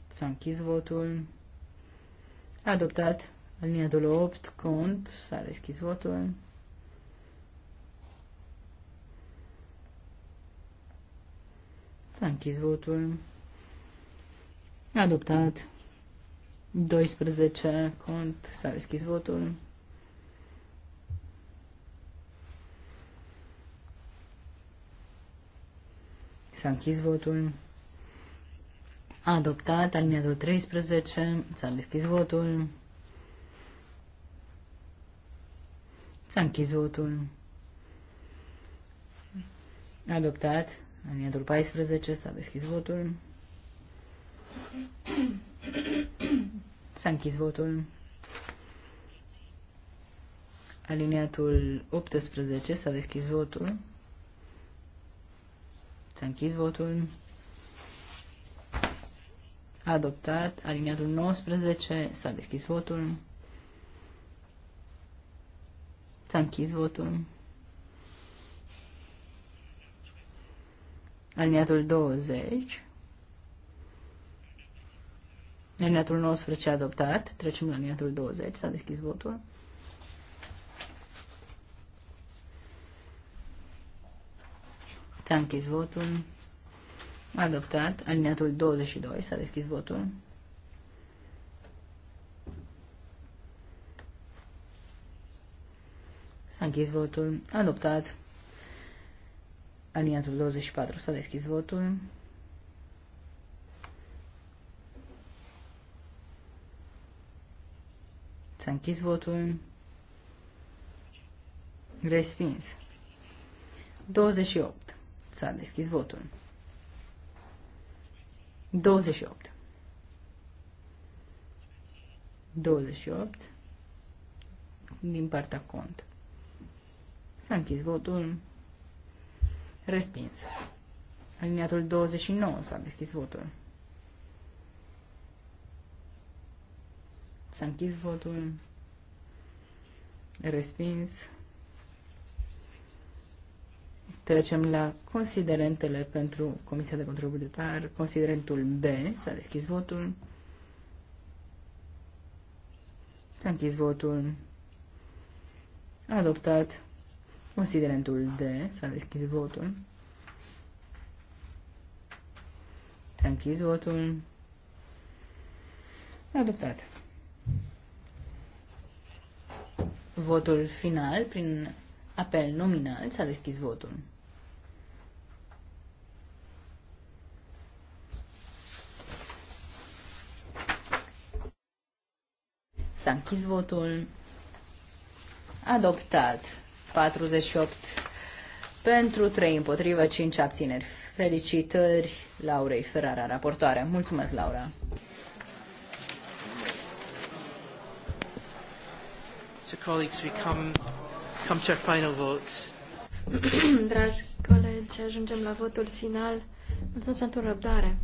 S-a închis votul. Adoptat. Aliniatul 8, cont, s-a deschis votul. S-a închis votul. Adoptat. 12 cont. S-a deschis votul. S-a închis votul. Adoptat. Alineatul 13. S-a deschis votul. S-a închis votul. Adoptat. Alineatul 14. S-a deschis votul. S-a închis votul. Aliniatul 18 s-a deschis votul. S-a închis votul. Adoptat. Aliniatul 19 s-a deschis votul. S-a închis votul. Aliniatul 20 Alineatul 19 adoptat. Trecem la alineatul 20. S-a deschis votul. S-a închis votul. Adoptat. Aliniatul 22. S-a deschis votul. S-a închis votul. Adoptat. Aliniatul 24. S-a deschis votul. S-a închis votul. Respins. 28. S-a deschis votul. 28. 28 din partea cont. S-a închis votul. Respins. Aliniatul 29 s-a deschis votul. S-a închis votul. Respins. Trecem la considerentele pentru Comisia de Control Bugetar. Considerentul B. S-a deschis votul. S-a închis votul. Adoptat. Considerentul D. S-a deschis votul. S-a închis votul. Adoptat. Votul final, prin apel nominal, s-a deschis votul. S-a închis votul. Adoptat. 48 pentru 3 împotrivă, 5 abțineri. Felicitări Laurei Ferrara, raportoare. Mulțumesc, Laura! So colleagues, we come, come to our final votes. Dragi colegi, ajungem la votul final. Mulțumesc pentru răbdare.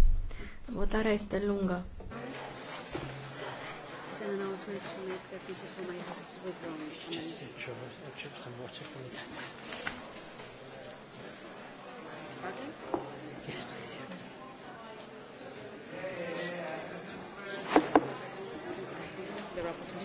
Votarea este lungă. Yes, please.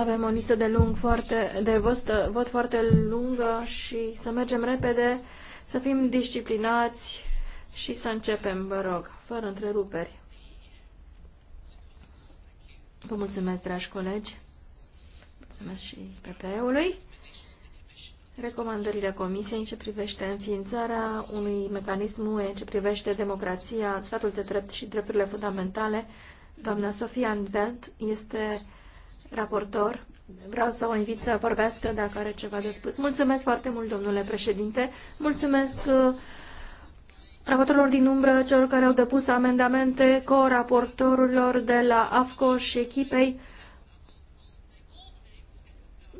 Avem o listă de, lung foarte, de vot, vot foarte lungă și să mergem repede, să fim disciplinați și să începem, vă rog, fără întreruperi. Vă mulțumesc, dragi colegi. Mulțumesc și PPE-ului. Recomandările Comisiei în ce privește înființarea unui mecanism UE în ce privește democrația, statul de drept și drepturile fundamentale, doamna Sofia Andelt este raportor. Vreau să o invit să vorbească dacă are ceva de spus. Mulțumesc foarte mult, domnule președinte. Mulțumesc uh, raportorilor din umbră, celor care au depus amendamente, co-raportorilor de la AFCO și echipei.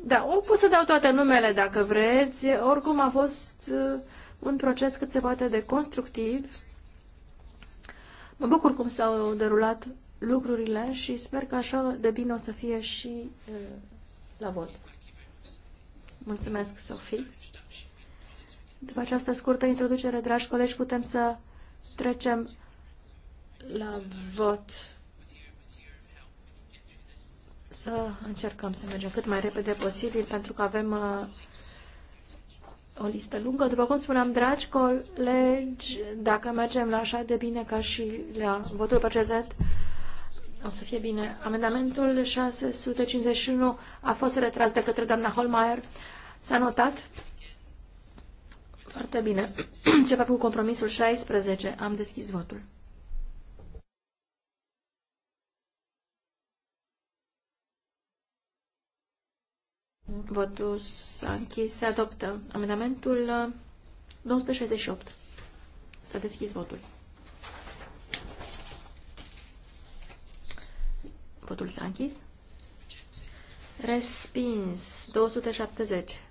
Da, o pot să dau toate numele dacă vreți. Oricum a fost uh, un proces cât se poate de constructiv. Mă bucur cum s-au derulat lucrurile și sper că așa de bine o să fie și la vot. Mulțumesc, Sofie. După această scurtă introducere, dragi colegi, putem să trecem la vot. Să încercăm să mergem cât mai repede posibil, pentru că avem o listă lungă. După cum spuneam, dragi colegi, dacă mergem la așa de bine ca și la votul precedent, o să fie bine. Amendamentul 651 a fost retras de către doamna Holmeier. S-a notat? Foarte bine. Ce Începem cu compromisul 16. Am deschis votul. Votul s-a închis. Se adoptă amendamentul 268. S-a deschis votul. Votul s-a închis. Respins. 270.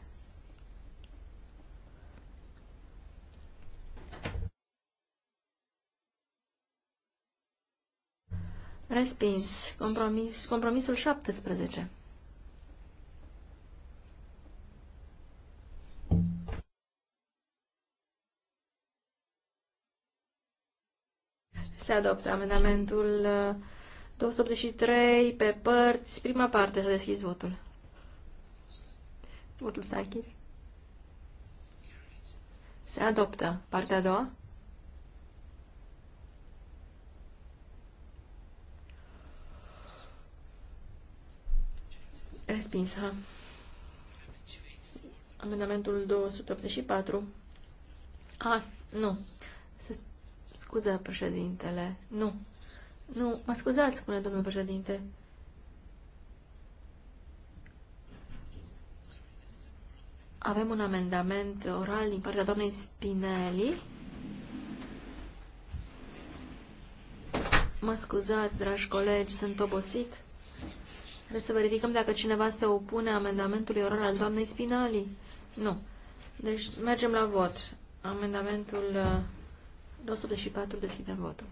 Respins. Compromis, compromisul 17. Se adoptă amendamentul uh, 283 pe părți. Prima parte, să deschizi votul. Votul s-a închis. Se adoptă. Partea a doua. Respinsă. Amendamentul 284. A, nu. Se scuză președintele. Nu. Nu, mă scuzați, spune domnul președinte. Avem un amendament oral din partea doamnei Spinelli. Mă scuzați, dragi colegi, sunt obosit. Trebuie să verificăm dacă cineva se opune amendamentului oral al doamnei Spinali. Nu. Deci mergem la vot. Amendamentul 284, uh, deschidem votul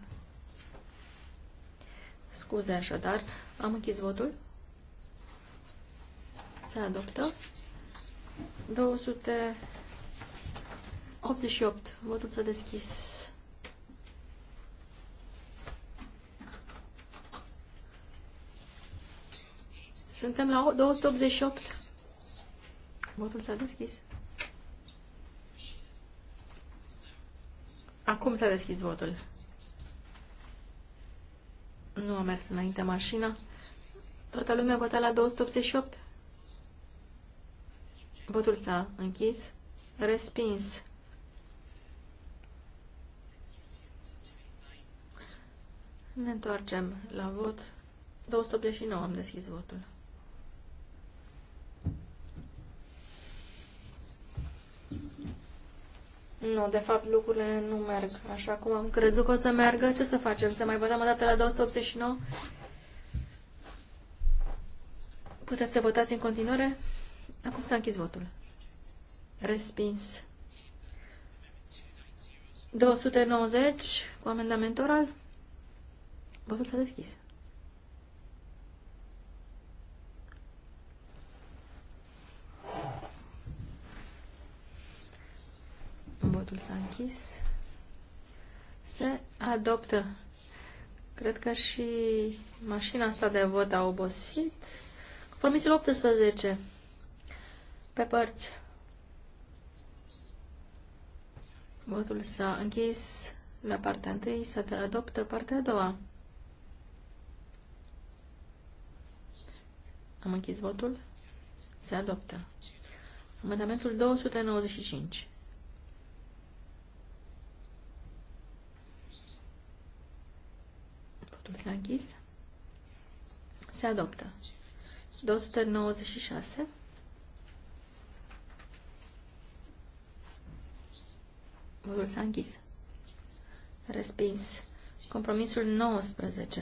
scuze așadar. Am închis votul. Se adoptă. 288. Votul s-a deschis. Suntem la 288. Votul s-a deschis. Acum s-a deschis votul. Nu a mers înainte mașina. Toată lumea vota la 288. Votul s-a închis. Respins. Ne întoarcem la vot. 289 am deschis votul. Nu, de fapt lucrurile nu merg așa cum am crezut că o să meargă. Ce să facem? Să mai votăm o dată la 289? Puteți să votați în continuare? Acum s-a închis votul. Respins. 290 cu amendament oral. Votul s-a deschis. Votul s-a închis. Se adoptă. Cred că și mașina asta de vot a obosit. Compromisul 18. Pe părți. Votul s-a închis la partea întâi, să te adoptă partea a doua. Am închis votul. Se adoptă. Amendamentul 295. Votul s-a închis. Se adoptă. 296. Votul s-a închis. Respins. Compromisul 19.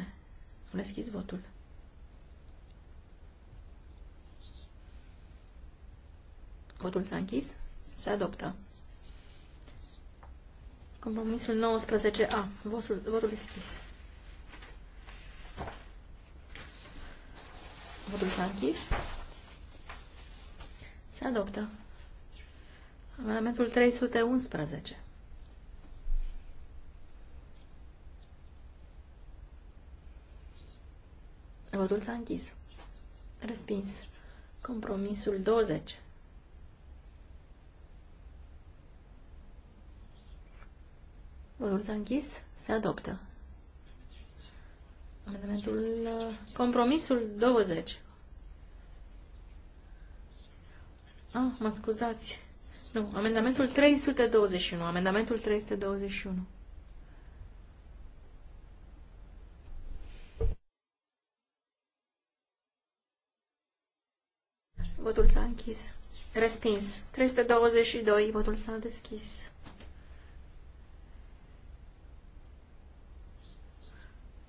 Am deschis votul. Votul s-a închis. Se adoptă. Compromisul 19A. Votul, votul deschis. microfonul s-a închis. Se adoptă. Amendamentul 311. Votul s-a închis. Respins. Compromisul 20. Votul s-a închis. Se adoptă. Amendamentul, uh, compromisul 20. Ah, mă scuzați. Nu, amendamentul 321. Amendamentul 321. Votul s-a închis. Respins. 322. Votul s-a deschis.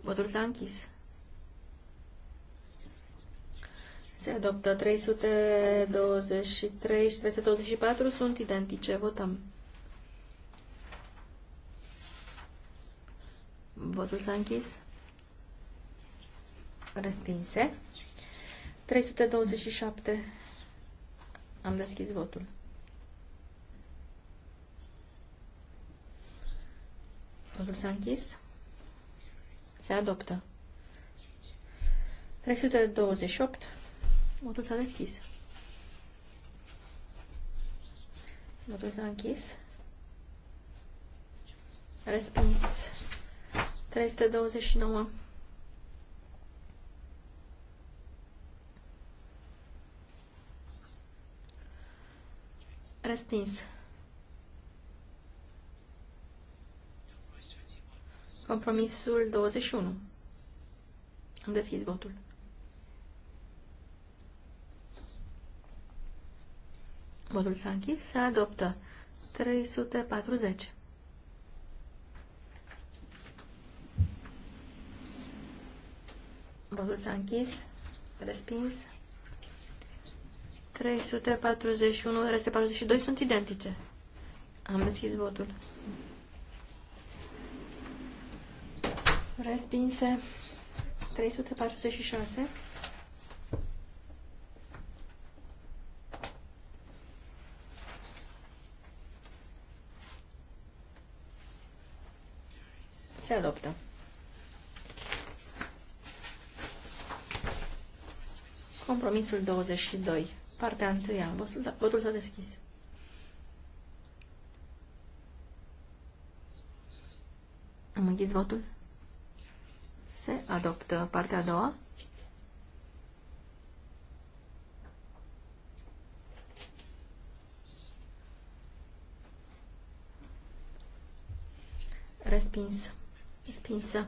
Votul s-a închis. Se adoptă 323 și 324 sunt identice. Votăm. Votul s-a închis. Respinse. 327. Am deschis votul. Votul s-a închis. Se adoptă. 328. Motul s-a deschis. Motul s-a închis. Respins. 329. Respins. Compromisul 21. Am deschis votul. Votul s-a închis. Se adoptă 340. Votul s-a închis. Respins. 341, 342 sunt identice. Am deschis votul. respinse 346. Se adoptă. Compromisul 22, partea 1. Votul s-a deschis. Am închis votul. Se adoptă. Partea a doua. Respins. Respinsă.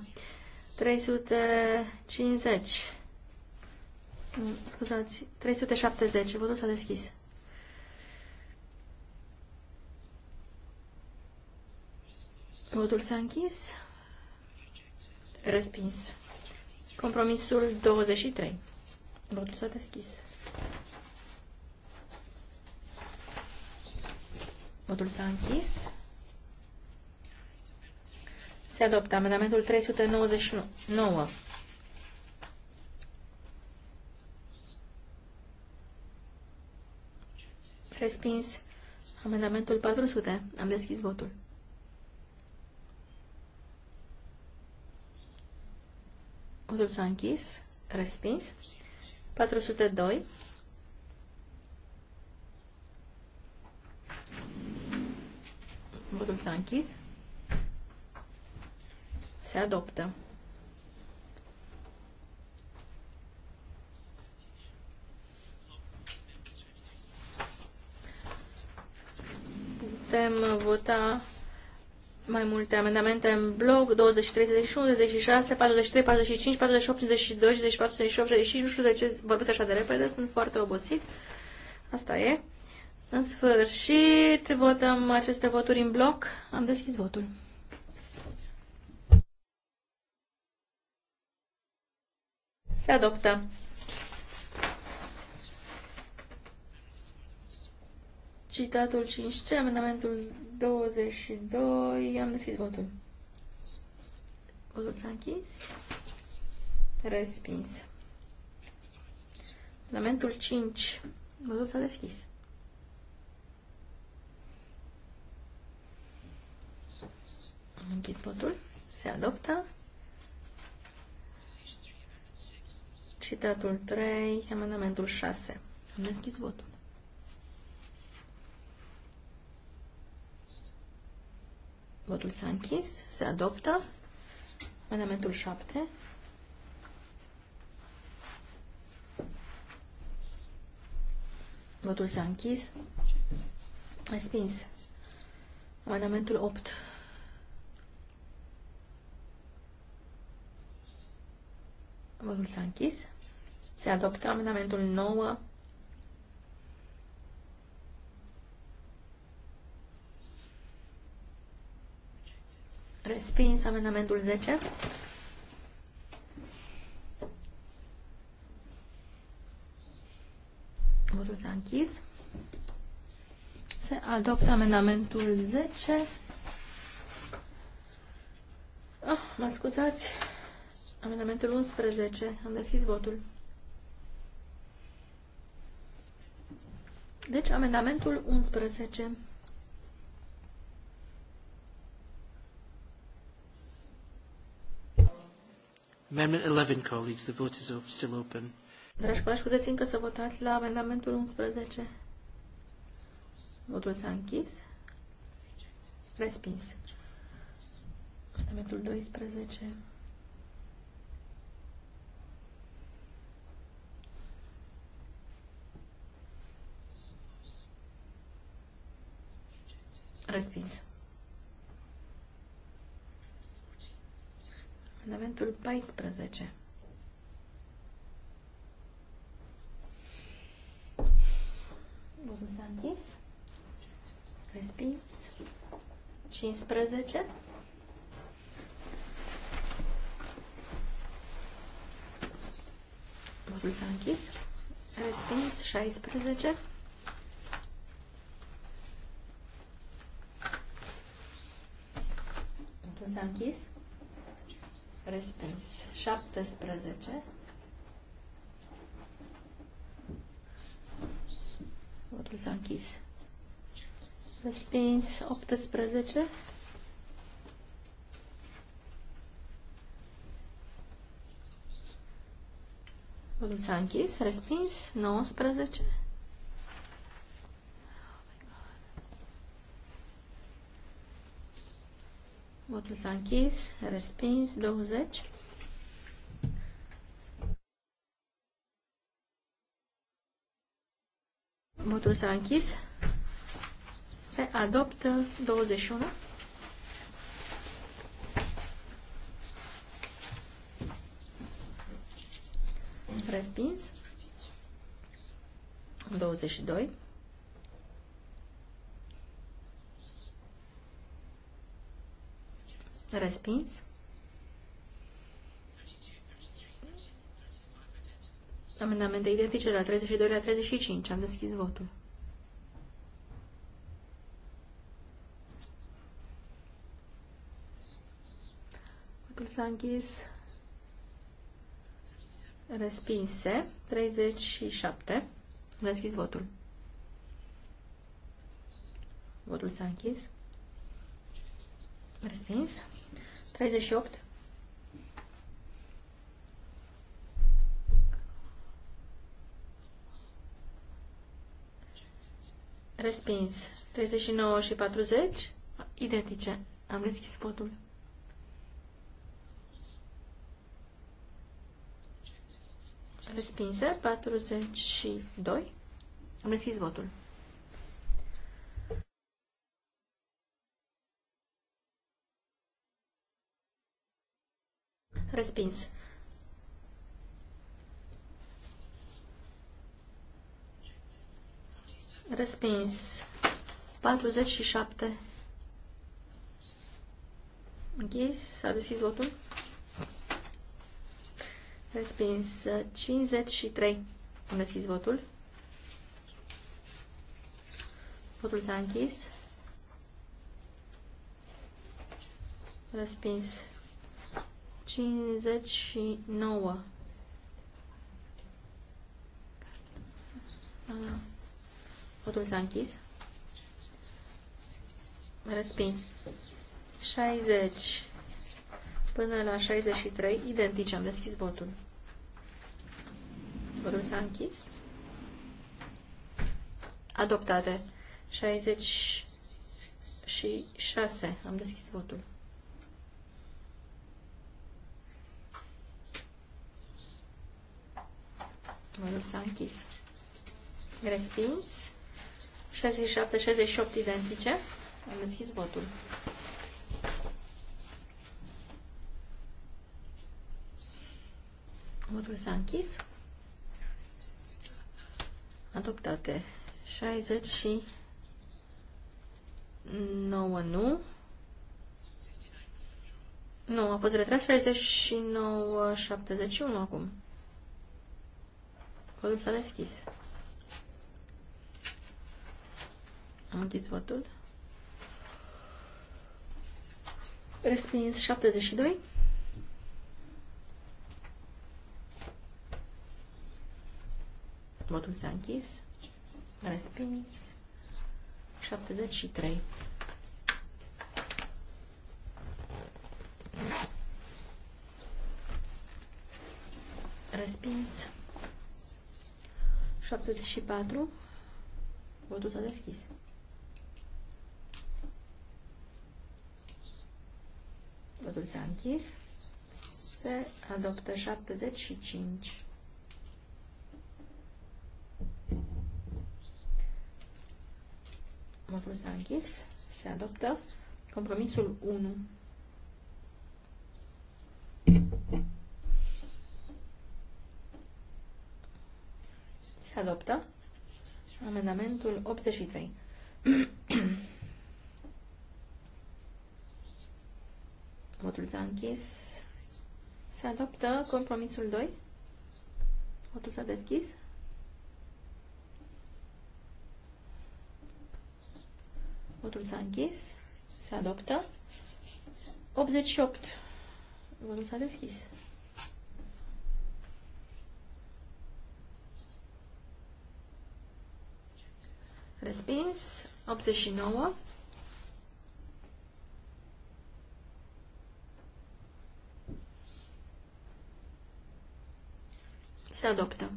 350. Mm, scuzați, 370. Votul s-a deschis. Votul s-a închis. Respins. Compromisul 23. Votul s-a deschis. Votul s-a închis. Se adoptă amendamentul 399. Respins amendamentul 400. Am deschis votul. Ușul s-a închis. Respins. 402. Votul s-a închis. Se adoptă. Putem vota mai multe amendamente în bloc, 23, 31, 36, 43, 45, 48, 52, 64, 68, 65, nu știu de ce vorbesc așa de repede, sunt foarte obosit. Asta e. În sfârșit, votăm aceste voturi în bloc. Am deschis votul. Se adoptă. Citatul 5C, amendamentul 22, am deschis votul. Votul s-a închis. Respins. Amendamentul 5, votul s-a deschis. Am închis votul. Se adoptă. Citatul 3, amendamentul 6. Am deschis votul. Votul s-a închis. Se adoptă. Amendamentul 7. Votul s-a închis. Respins. Amendamentul 8. Votul s-a închis. Se adoptă amendamentul 9. Respins amendamentul 10. Votul s-a închis. Se adoptă amendamentul 10. Ah, mă scuzați. Amendamentul 11. Am deschis votul. Deci, amendamentul 11. Amendment 11, colleagues, the vote is still open. Dragi colegi, puteți încă să votați la amendamentul 11. Votul s-a închis. Respins. Amendamentul 12. Respins. Amendamentul 14. Votul s-a închis. Respins. 15. Votul s-a închis. Respins. 16. Votul s-a închis. Respins. 17. Votul s-a închis. Respins. 18. Votul s-a închis. Respins. 19. Votul s-a închis. Respins. 20. Votul s-a închis. Se adoptă 21. Respins. 22. Respins. Amendamente identice la 32 la 35. Am deschis votul. Votul s-a închis. Respinse. 37. Am deschis votul. Votul s-a închis. Respins. 38. Respins. 39 și 40. Identice. Am deschis spotul. Respinse. 42. Am deschis votul. respins. Respins. 47. Închis. S-a deschis votul. Respins. 53. Am deschis votul. Votul s-a închis. Respins. 59. Totul s-a închis. Respins. 60 până la 63, identice. Am deschis votul. Votul s-a închis. Adoptate. 66. Am deschis votul. Votul s-a închis. Respins. 67-68 identice. Am deschis votul. Votul s-a închis. Adoptate. 60 și 9 nu. Nu, a fost retras 69-71 acum. Votul s-a deschis. Am închis votul. Respins 72. Votul s-a închis. Respins 73. Respins 74. Votul s-a deschis. Votul s-a închis. Se adoptă 75. Votul s-a închis. Se adoptă compromisul 1. Se adoptă. Amendamentul 83. Votul s-a închis. Se adoptă compromisul 2. Votul s-a deschis. Votul s-a închis. Se adoptă. 88. Votul s-a deschis. Respins. 89. Se adoptă.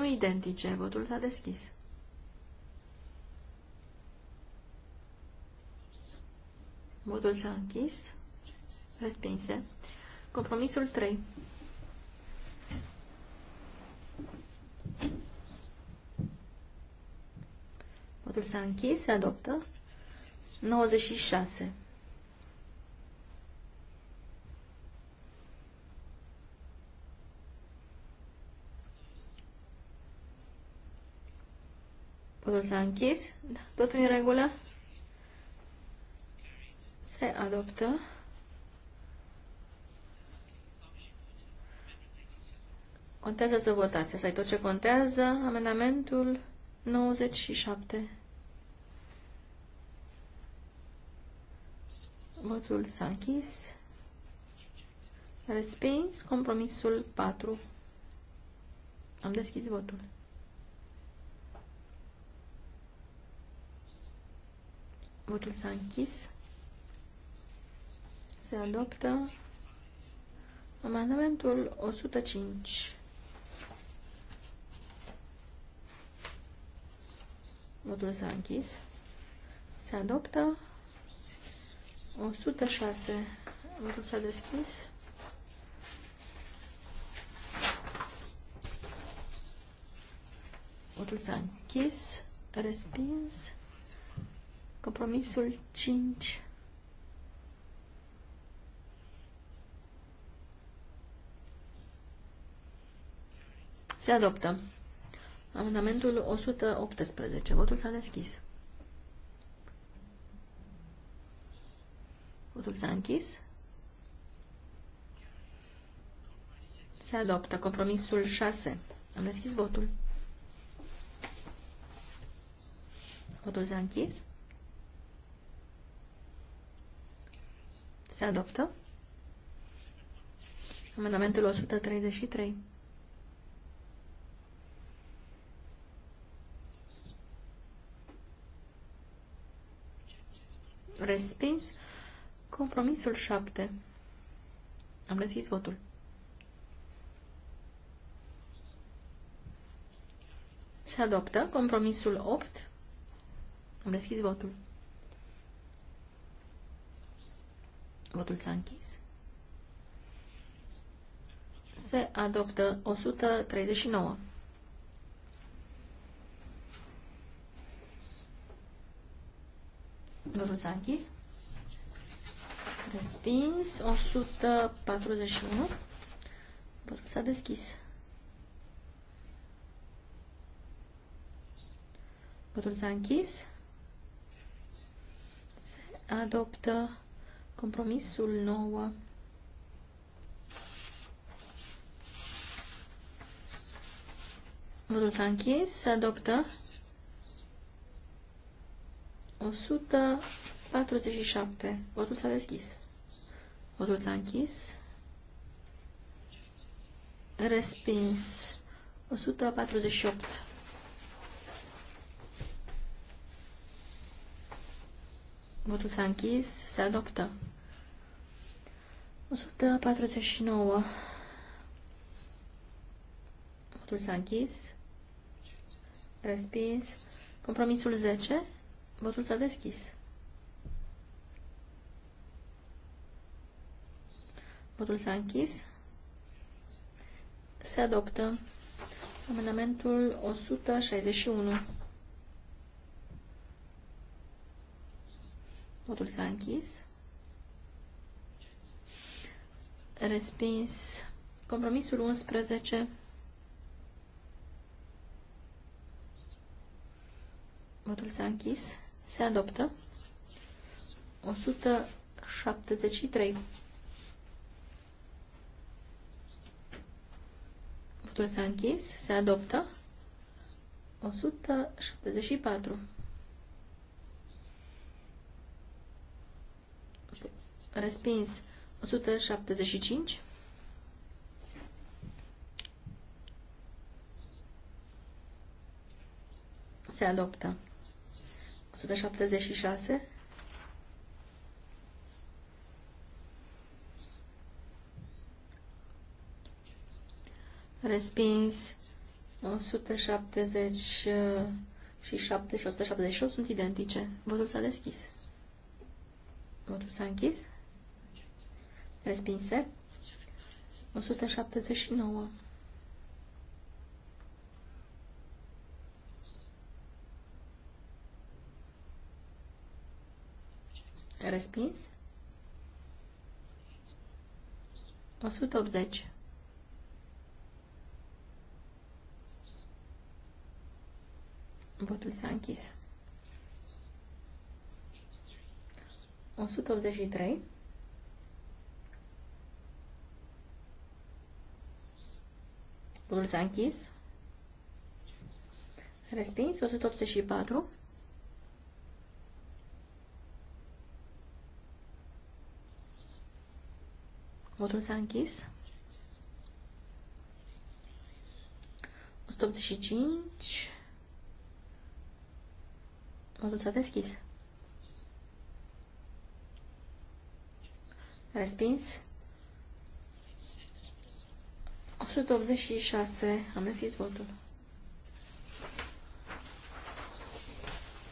90-91 identice. Votul s-a deschis. Votul s-a închis. Respinse. Compromisul 3. Votul s-a închis, se adoptă. 96. Votul s-a închis. Da, totul în regulă. Se adoptă. Contează să votați. Asta e tot ce contează. Amendamentul 97. Votul s-a închis. Respins compromisul 4. Am deschis votul. Votul s-a închis. Se adoptă amendamentul 105. Votul s-a închis. Se adoptă. 106. Votul s-a deschis. Votul s-a închis. Respins. Compromisul 5. Se adoptă. Amendamentul 118. Votul s-a deschis. Votul s-a închis. Se adoptă compromisul 6. Am deschis votul. Votul s-a închis. Se adoptă. Amendamentul 133. Respins. Compromisul 7. Am lăsit votul. Se adoptă. Compromisul 8. Am deschis votul. Votul s-a închis. Se adoptă 139. Votul s-a închis. Respins. 141. Votul s-a deschis. Votul s-a închis. Se adoptă compromisul 9. Votul s-a închis. Se adoptă 147. Votul s-a deschis. Votul s-a închis. Respins. 148. Votul s-a închis. Se adoptă. 149. Votul s-a închis. Respins. Compromisul 10. Votul s-a deschis. Votul s-a închis. Se adoptă amendamentul 161. Votul s-a închis. Respins compromisul 11. Votul s-a închis. Se adoptă. 173. Votul s-a închis. Se adoptă. 174. Respins. 175. Se adoptă. 176. Respins 177 și 178 sunt identice. Votul s-a deschis. Votul s-a închis. Respinse. 179. Respins. 180. Votul s-a închis. 183. Votul s-a închis. Respins. 184. Votul s-a închis. 185. Votul s-a deschis. Respins. 186. Am deschis votul.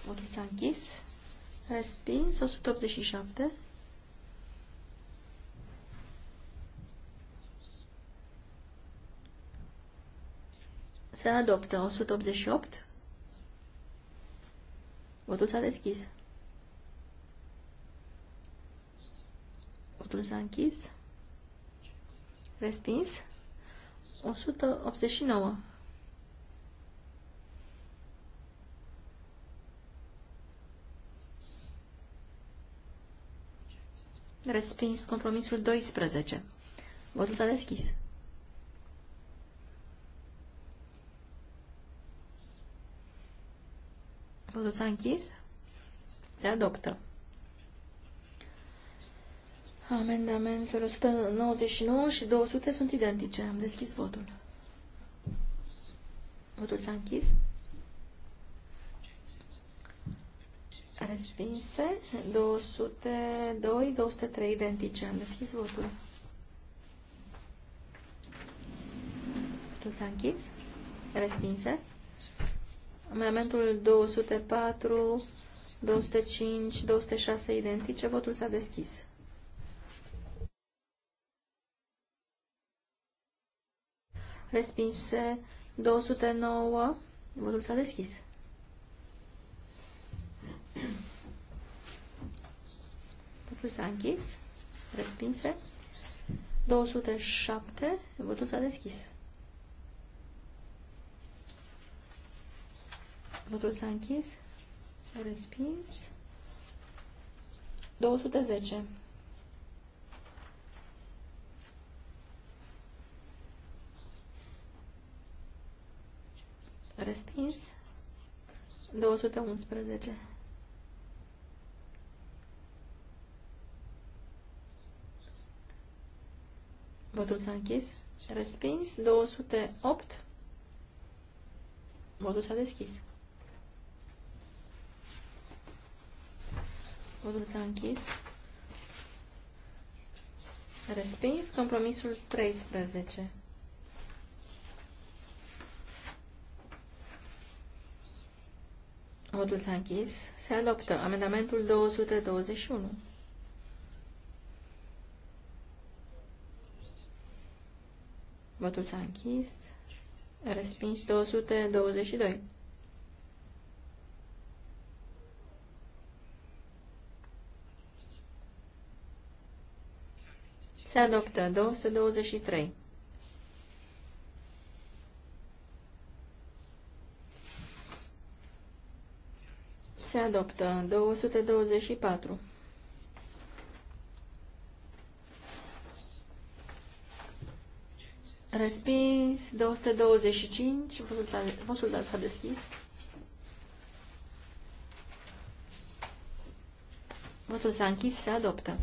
Votul s-a închis. Respins. 187. Se adoptă 188. Votul s-a deschis. Votul s-a închis. Respins. 189. Respins compromisul 12. Votul s-a deschis. Votul s-a închis. Se adoptă. Amendamentul 199 și 200 sunt identice. Am deschis votul. Votul s-a închis. Respinse. 202, 203 identice. Am deschis votul. Votul s-a închis. Respinse. Amendamentul 204, 205, 206 identice, votul s-a deschis. Respinse 209, votul s-a deschis. Votul s-a închis, respinse. 207, votul s-a deschis. Votul s-a închis. Respins. 210. Respins. 211. Votul s-a închis. Respins. 208. Votul s-a deschis. Votul s-a închis. Respins. Compromisul 13. Votul s-a închis. Se adoptă amendamentul 221. Votul s-a închis. Respins 222. Se adoptă 223. Se adoptă 224. Respins 225. dat s-a deschis. Votul s-a închis, se adoptă.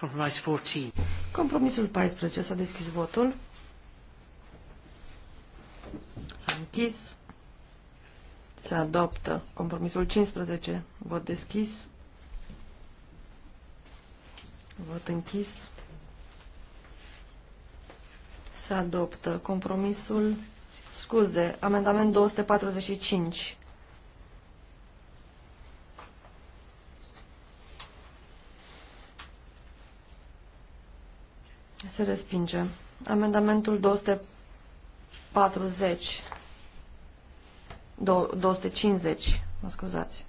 Compromise 14. Compromisul 14. S-a deschis votul. S-a închis. Se adoptă. Compromisul 15. Vot deschis. Vot închis. Se adoptă. Compromisul... Scuze. Amendament 245. Se respinge. Amendamentul 240. 250, mă scuzați.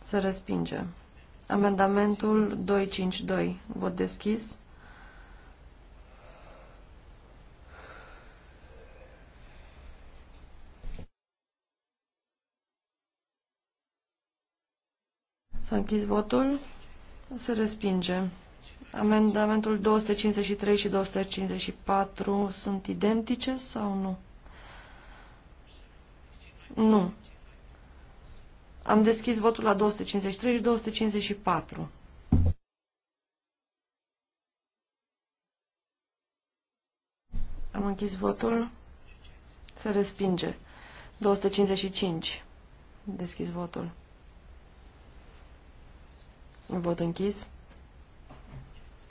Se respinge. Amendamentul 252. Vot deschis. S-a închis votul. Se respinge. Amendamentul 253 și 254 sunt identice sau nu? Nu. Am deschis votul la 253 și 254. Am închis votul. Se respinge. 255. Deschis votul. Vot închis.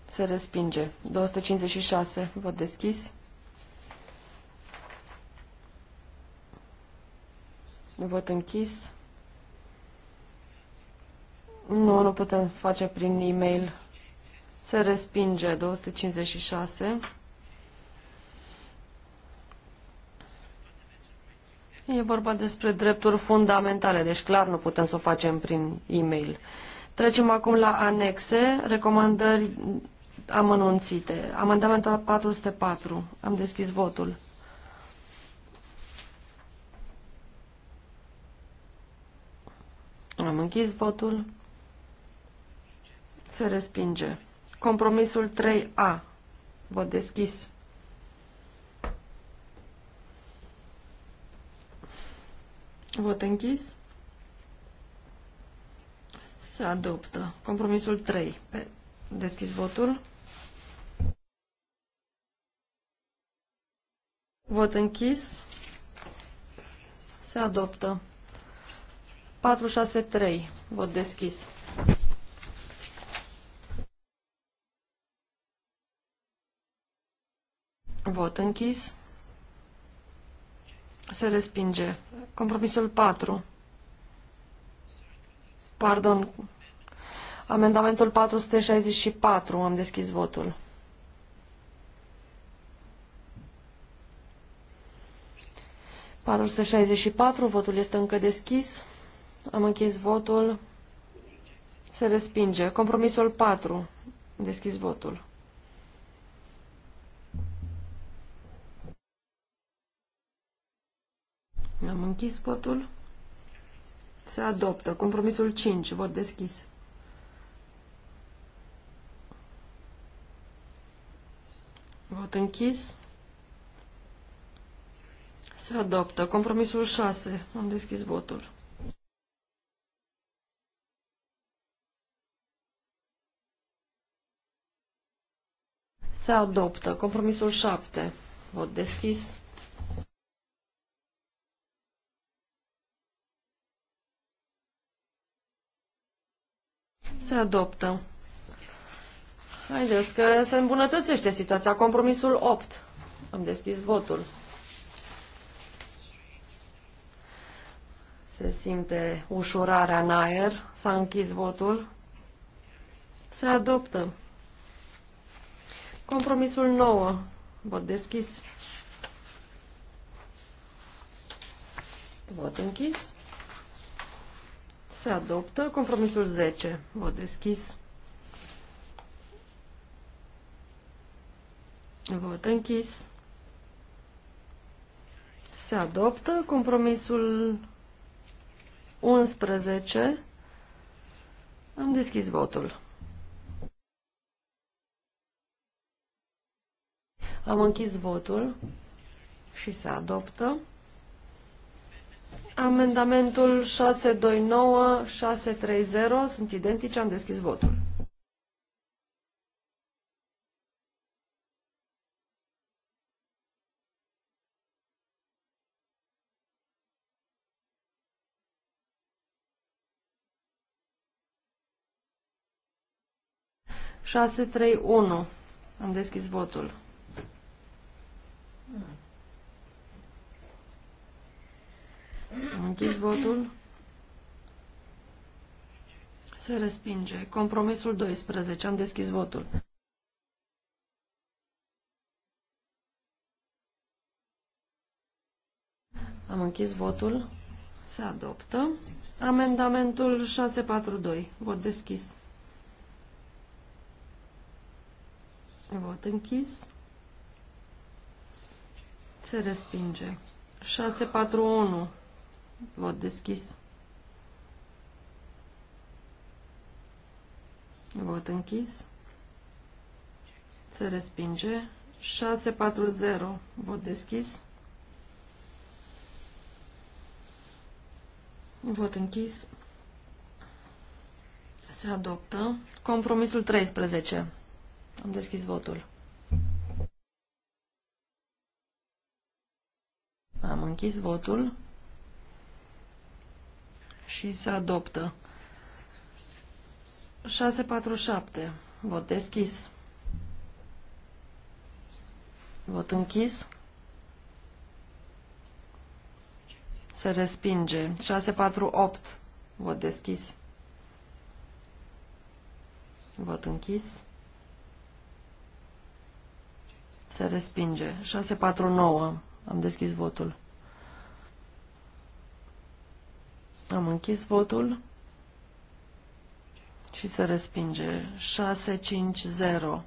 Se respinge. 256. Vot deschis. Vot închis. Nu, nu putem face prin e-mail. Se respinge. 256. E vorba despre drepturi fundamentale, deci clar nu putem să o facem prin e-mail. Trecem acum la anexe, recomandări amănunțite. Amendamentul 404. Am deschis votul. Am închis votul. Se respinge. Compromisul 3A. Vot deschis. Vot închis se adoptă. Compromisul 3. Pe, deschis votul. Vot închis. Se adoptă. 463. Vot deschis. Vot închis. Se respinge. Compromisul 4. Pardon. Amendamentul 464. Am deschis votul. patru, votul este încă deschis. Am închis votul. Se respinge. Compromisul 4. Deschis votul. Am închis votul. Se adoptă. Compromisul 5. Vot deschis. Vot închis. Se adoptă. Compromisul 6. Am deschis votul. Se adoptă. Compromisul 7. Vot deschis. Se adoptă. Haideți că se îmbunătățește situația. Compromisul 8. Am deschis votul. Se simte ușurarea în aer. S-a închis votul. Se adoptă. Compromisul 9. Vot deschis. Vot închis. Se adoptă. Compromisul 10. Vot deschis. Vot închis. Se adoptă. Compromisul 11. Am deschis votul. Am închis votul și se adoptă. Amendamentul 629, 630 sunt identice, am deschis votul. Șase trei unu. Am deschis votul. Am închis votul. Se respinge. Compromisul 12. Am deschis votul. Am închis votul. Se adoptă. Amendamentul 642. Vot deschis. Vot închis. Se respinge. 641. Vot deschis. Vot închis. Se respinge. 640. Vot deschis. Vot închis. Se adoptă. Compromisul 13. Am deschis votul. Am închis votul și se adoptă. 647. Vot deschis. Vot închis. Se respinge. 648. Vot deschis. Vot închis. Se respinge. 649. Am deschis votul. Am închis votul și se respinge. 6-5-0. Am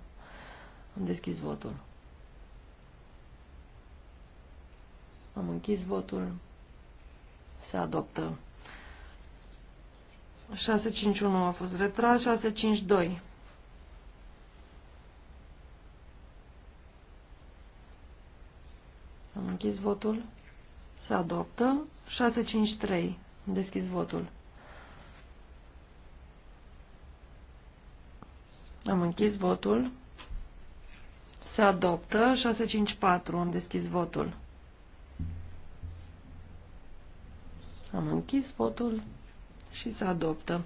deschis votul. Am închis votul. Se adoptă. 6-5-1 a fost retras, 6-5-2. Am închis votul. Se adoptă. 653. Deschis votul. Am închis votul. Se adoptă. 654. Am deschis votul. Am închis votul și se adoptă.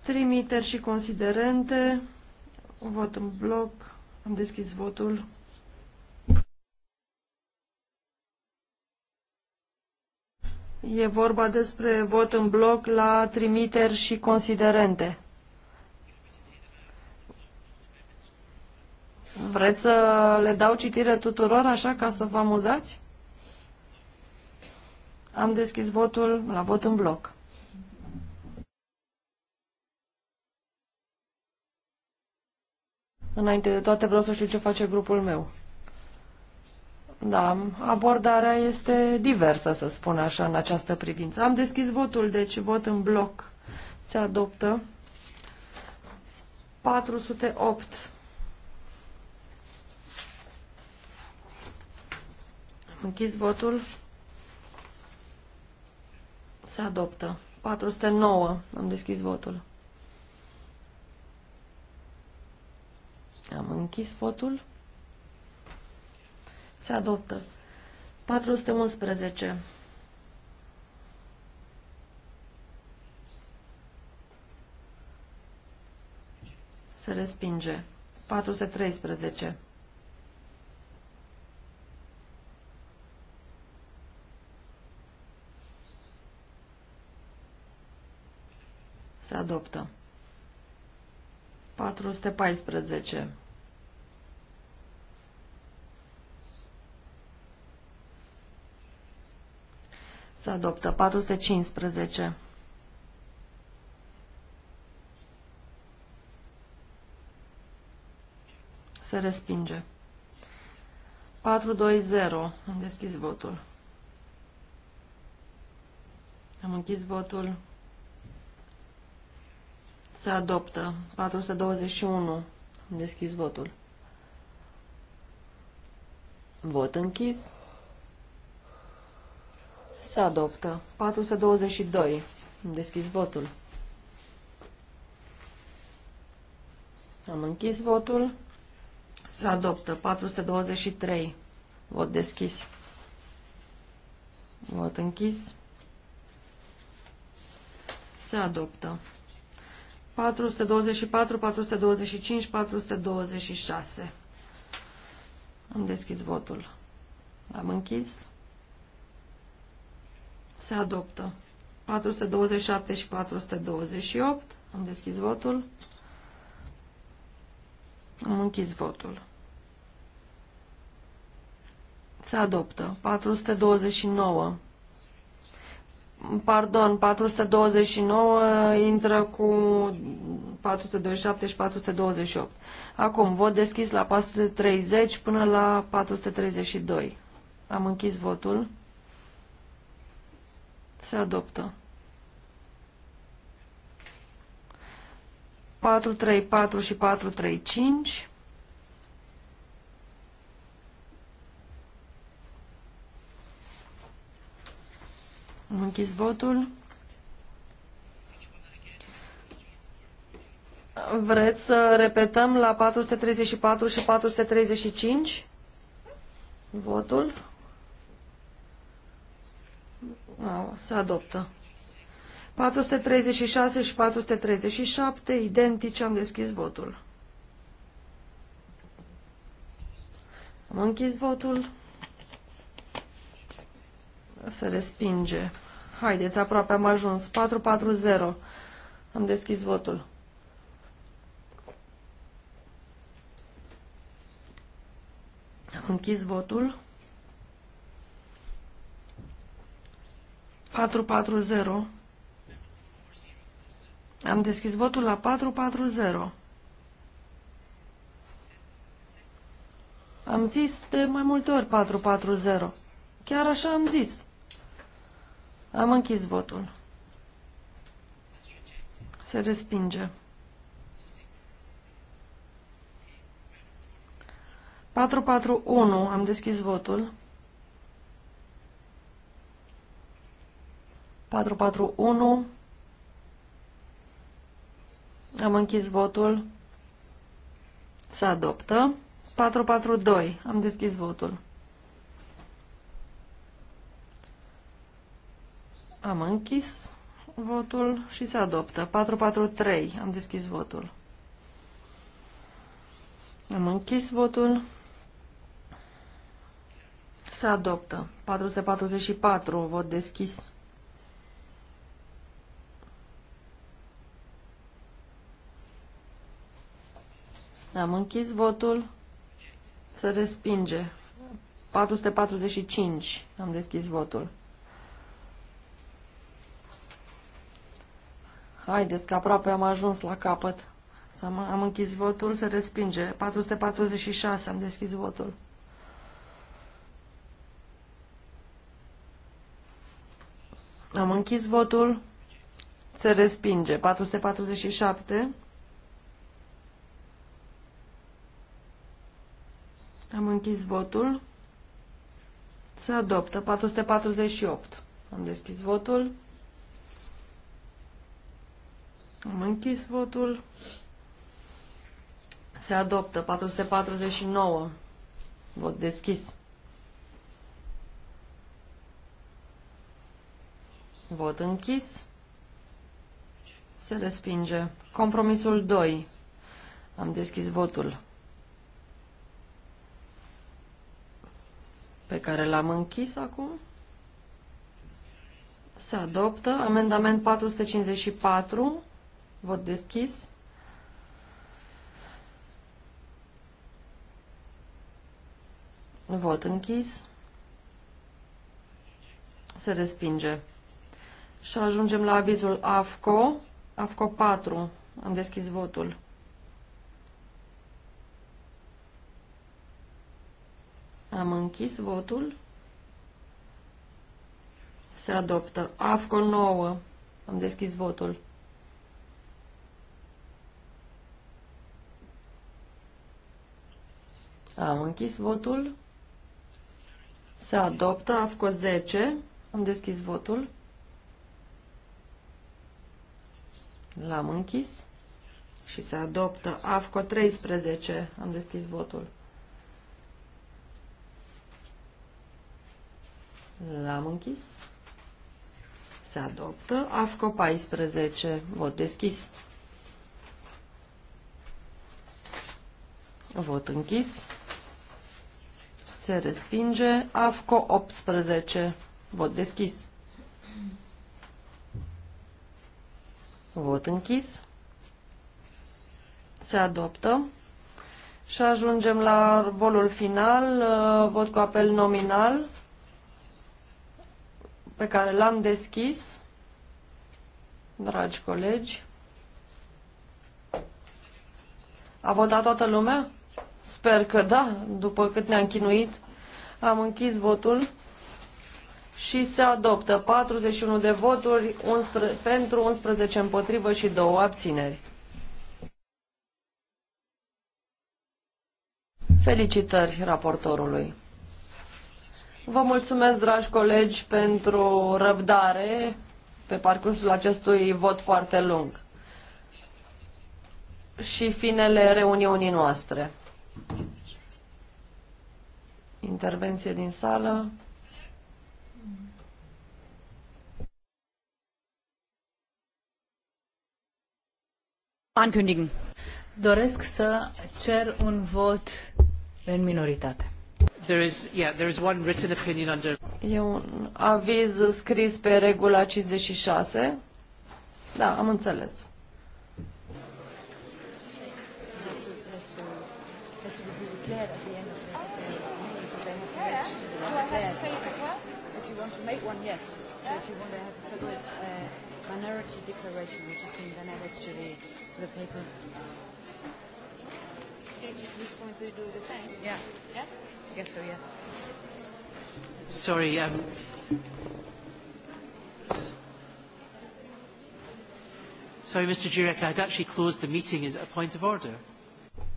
Trimiteri și considerente. Vot în bloc. Am deschis votul. E vorba despre vot în bloc la trimiteri și considerente. Vreți să le dau citire tuturor așa ca să vă amuzați? Am deschis votul la vot în bloc. Înainte de toate vreau să știu ce face grupul meu. Da, abordarea este diversă, să spun așa, în această privință. Am deschis votul, deci vot în bloc. Se adoptă 408. Am închis votul. Se adoptă. 409. Am deschis votul. Am închis votul. Se adoptă. 411. Se respinge. 413. Se adoptă. 414. Se adoptă. 415. Se respinge. 420. Am deschis votul. Am închis votul. Se adoptă. 421. Am deschis votul. Vot închis. Se adoptă. 422. Deschis votul. Am închis votul. Se adoptă. 423. Vot deschis. Vot închis. Se adoptă. 424, 425, 426. Am deschis votul. Am închis. Se adoptă. 427 și 428. Am deschis votul. Am închis votul. Se adoptă. 429. Pardon, 429 intră cu 427 și 428. Acum, vot deschis la 430 până la 432. Am închis votul. Se adoptă. 434 și 435. Am închis votul. Vreți să repetăm la 434 și 435 votul? Se adoptă. 436 și 437, identice, am deschis votul. Am închis votul. Se respinge. Haideți, aproape am ajuns. 440. Am deschis votul. Am închis votul. 440. Am deschis votul la 440. Am zis de mai multe ori 440. Chiar așa am zis. Am închis votul. Se respinge. 441. Am deschis votul. 441. Am închis votul. Se adoptă. 442. Am deschis votul. Am închis votul și se adoptă. 443. Am deschis votul. Am închis votul. Se adoptă. 444. Vot deschis. Am închis votul. Se respinge. 445. Am deschis votul. Haideți că aproape am ajuns la capăt. Am, am închis votul, se respinge. 446, am deschis votul. Am închis votul, se respinge. 447, Am închis votul. Se adoptă. 448. Am deschis votul. Am închis votul. Se adoptă. 449. Vot deschis. Vot închis. Se respinge. Compromisul 2. Am deschis votul. pe care l-am închis acum. Se adoptă. Amendament 454. Vot deschis. Vot închis. Se respinge. Și ajungem la avizul AFCO. AFCO 4. Am deschis votul. Am închis votul. Se adoptă. AFCO 9. Am deschis votul. Am închis votul. Se adoptă. AFCO 10. Am deschis votul. L-am închis. Și se adoptă. AFCO 13. Am deschis votul. L-am închis. Se adoptă. AFCO 14. Vot deschis. Vot închis. Se respinge. AFCO 18. Vot deschis. Vot închis. Se adoptă. Și ajungem la volul final, uh, vot cu apel nominal pe care l-am deschis, dragi colegi. A votat toată lumea? Sper că da, după cât ne-am chinuit. Am închis votul și se adoptă 41 de voturi 11, pentru, 11 împotrivă și 2 abțineri. Felicitări raportorului. Vă mulțumesc, dragi colegi, pentru răbdare pe parcursul acestui vot foarte lung și finele reuniunii noastre. Intervenție din sală. Ankündigen. Doresc să cer un vot în minoritate. E un aviz scris pe regula 56. Da, am înțeles. minority declaration, which to the, the paper. do the same. Yeah. Yeah? guess so, yeah. Sorry, um, Sorry, Mr. Jurek, I'd actually closed the meeting. Is it a point of order?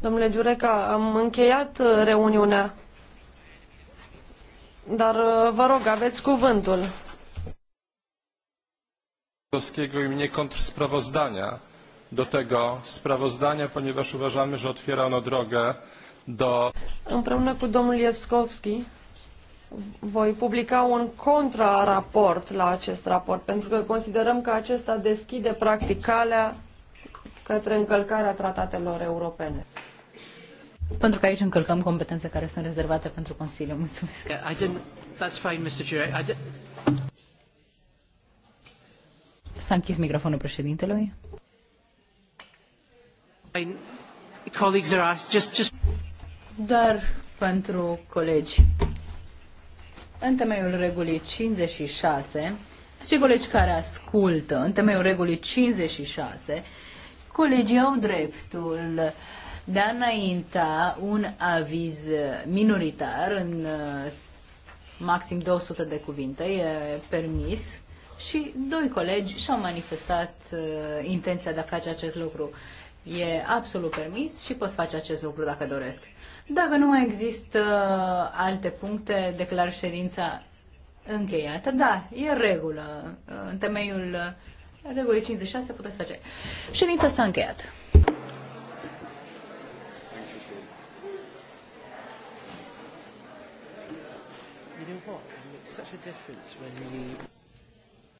Domnule Giureca, am încheiat uh, reuniunea. Dar uh, vă rog, aveți cuvântul. ...i mnie kontrsprawozdania do tego sprawozdania, ponieważ uważamy, że otwiera ono drogę da. Împreună cu domnul Iescovski voi publica un contraraport la acest raport, pentru că considerăm că acesta deschide practic calea către încălcarea tratatelor europene. Pentru că aici încălcăm competențe care sunt rezervate pentru Consiliu. Mulțumesc. I didn't... That's fine, Mr. Chair. I didn't... S-a închis microfonul președintelui. I... just, just doar pentru colegi. În temeiul regulii 56, și colegi care ascultă, în temeiul regulii 56, colegii au dreptul de a înainta un aviz minoritar în uh, maxim 200 de cuvinte, e permis, și doi colegi și-au manifestat uh, intenția de a face acest lucru. E absolut permis și pot face acest lucru dacă doresc. Dacă nu mai există uh, alte puncte, declar ședința încheiată. Da, e regulă. Uh, în temeiul uh, regulii 56 puteți face. Ședința s-a încheiat. such a difference when you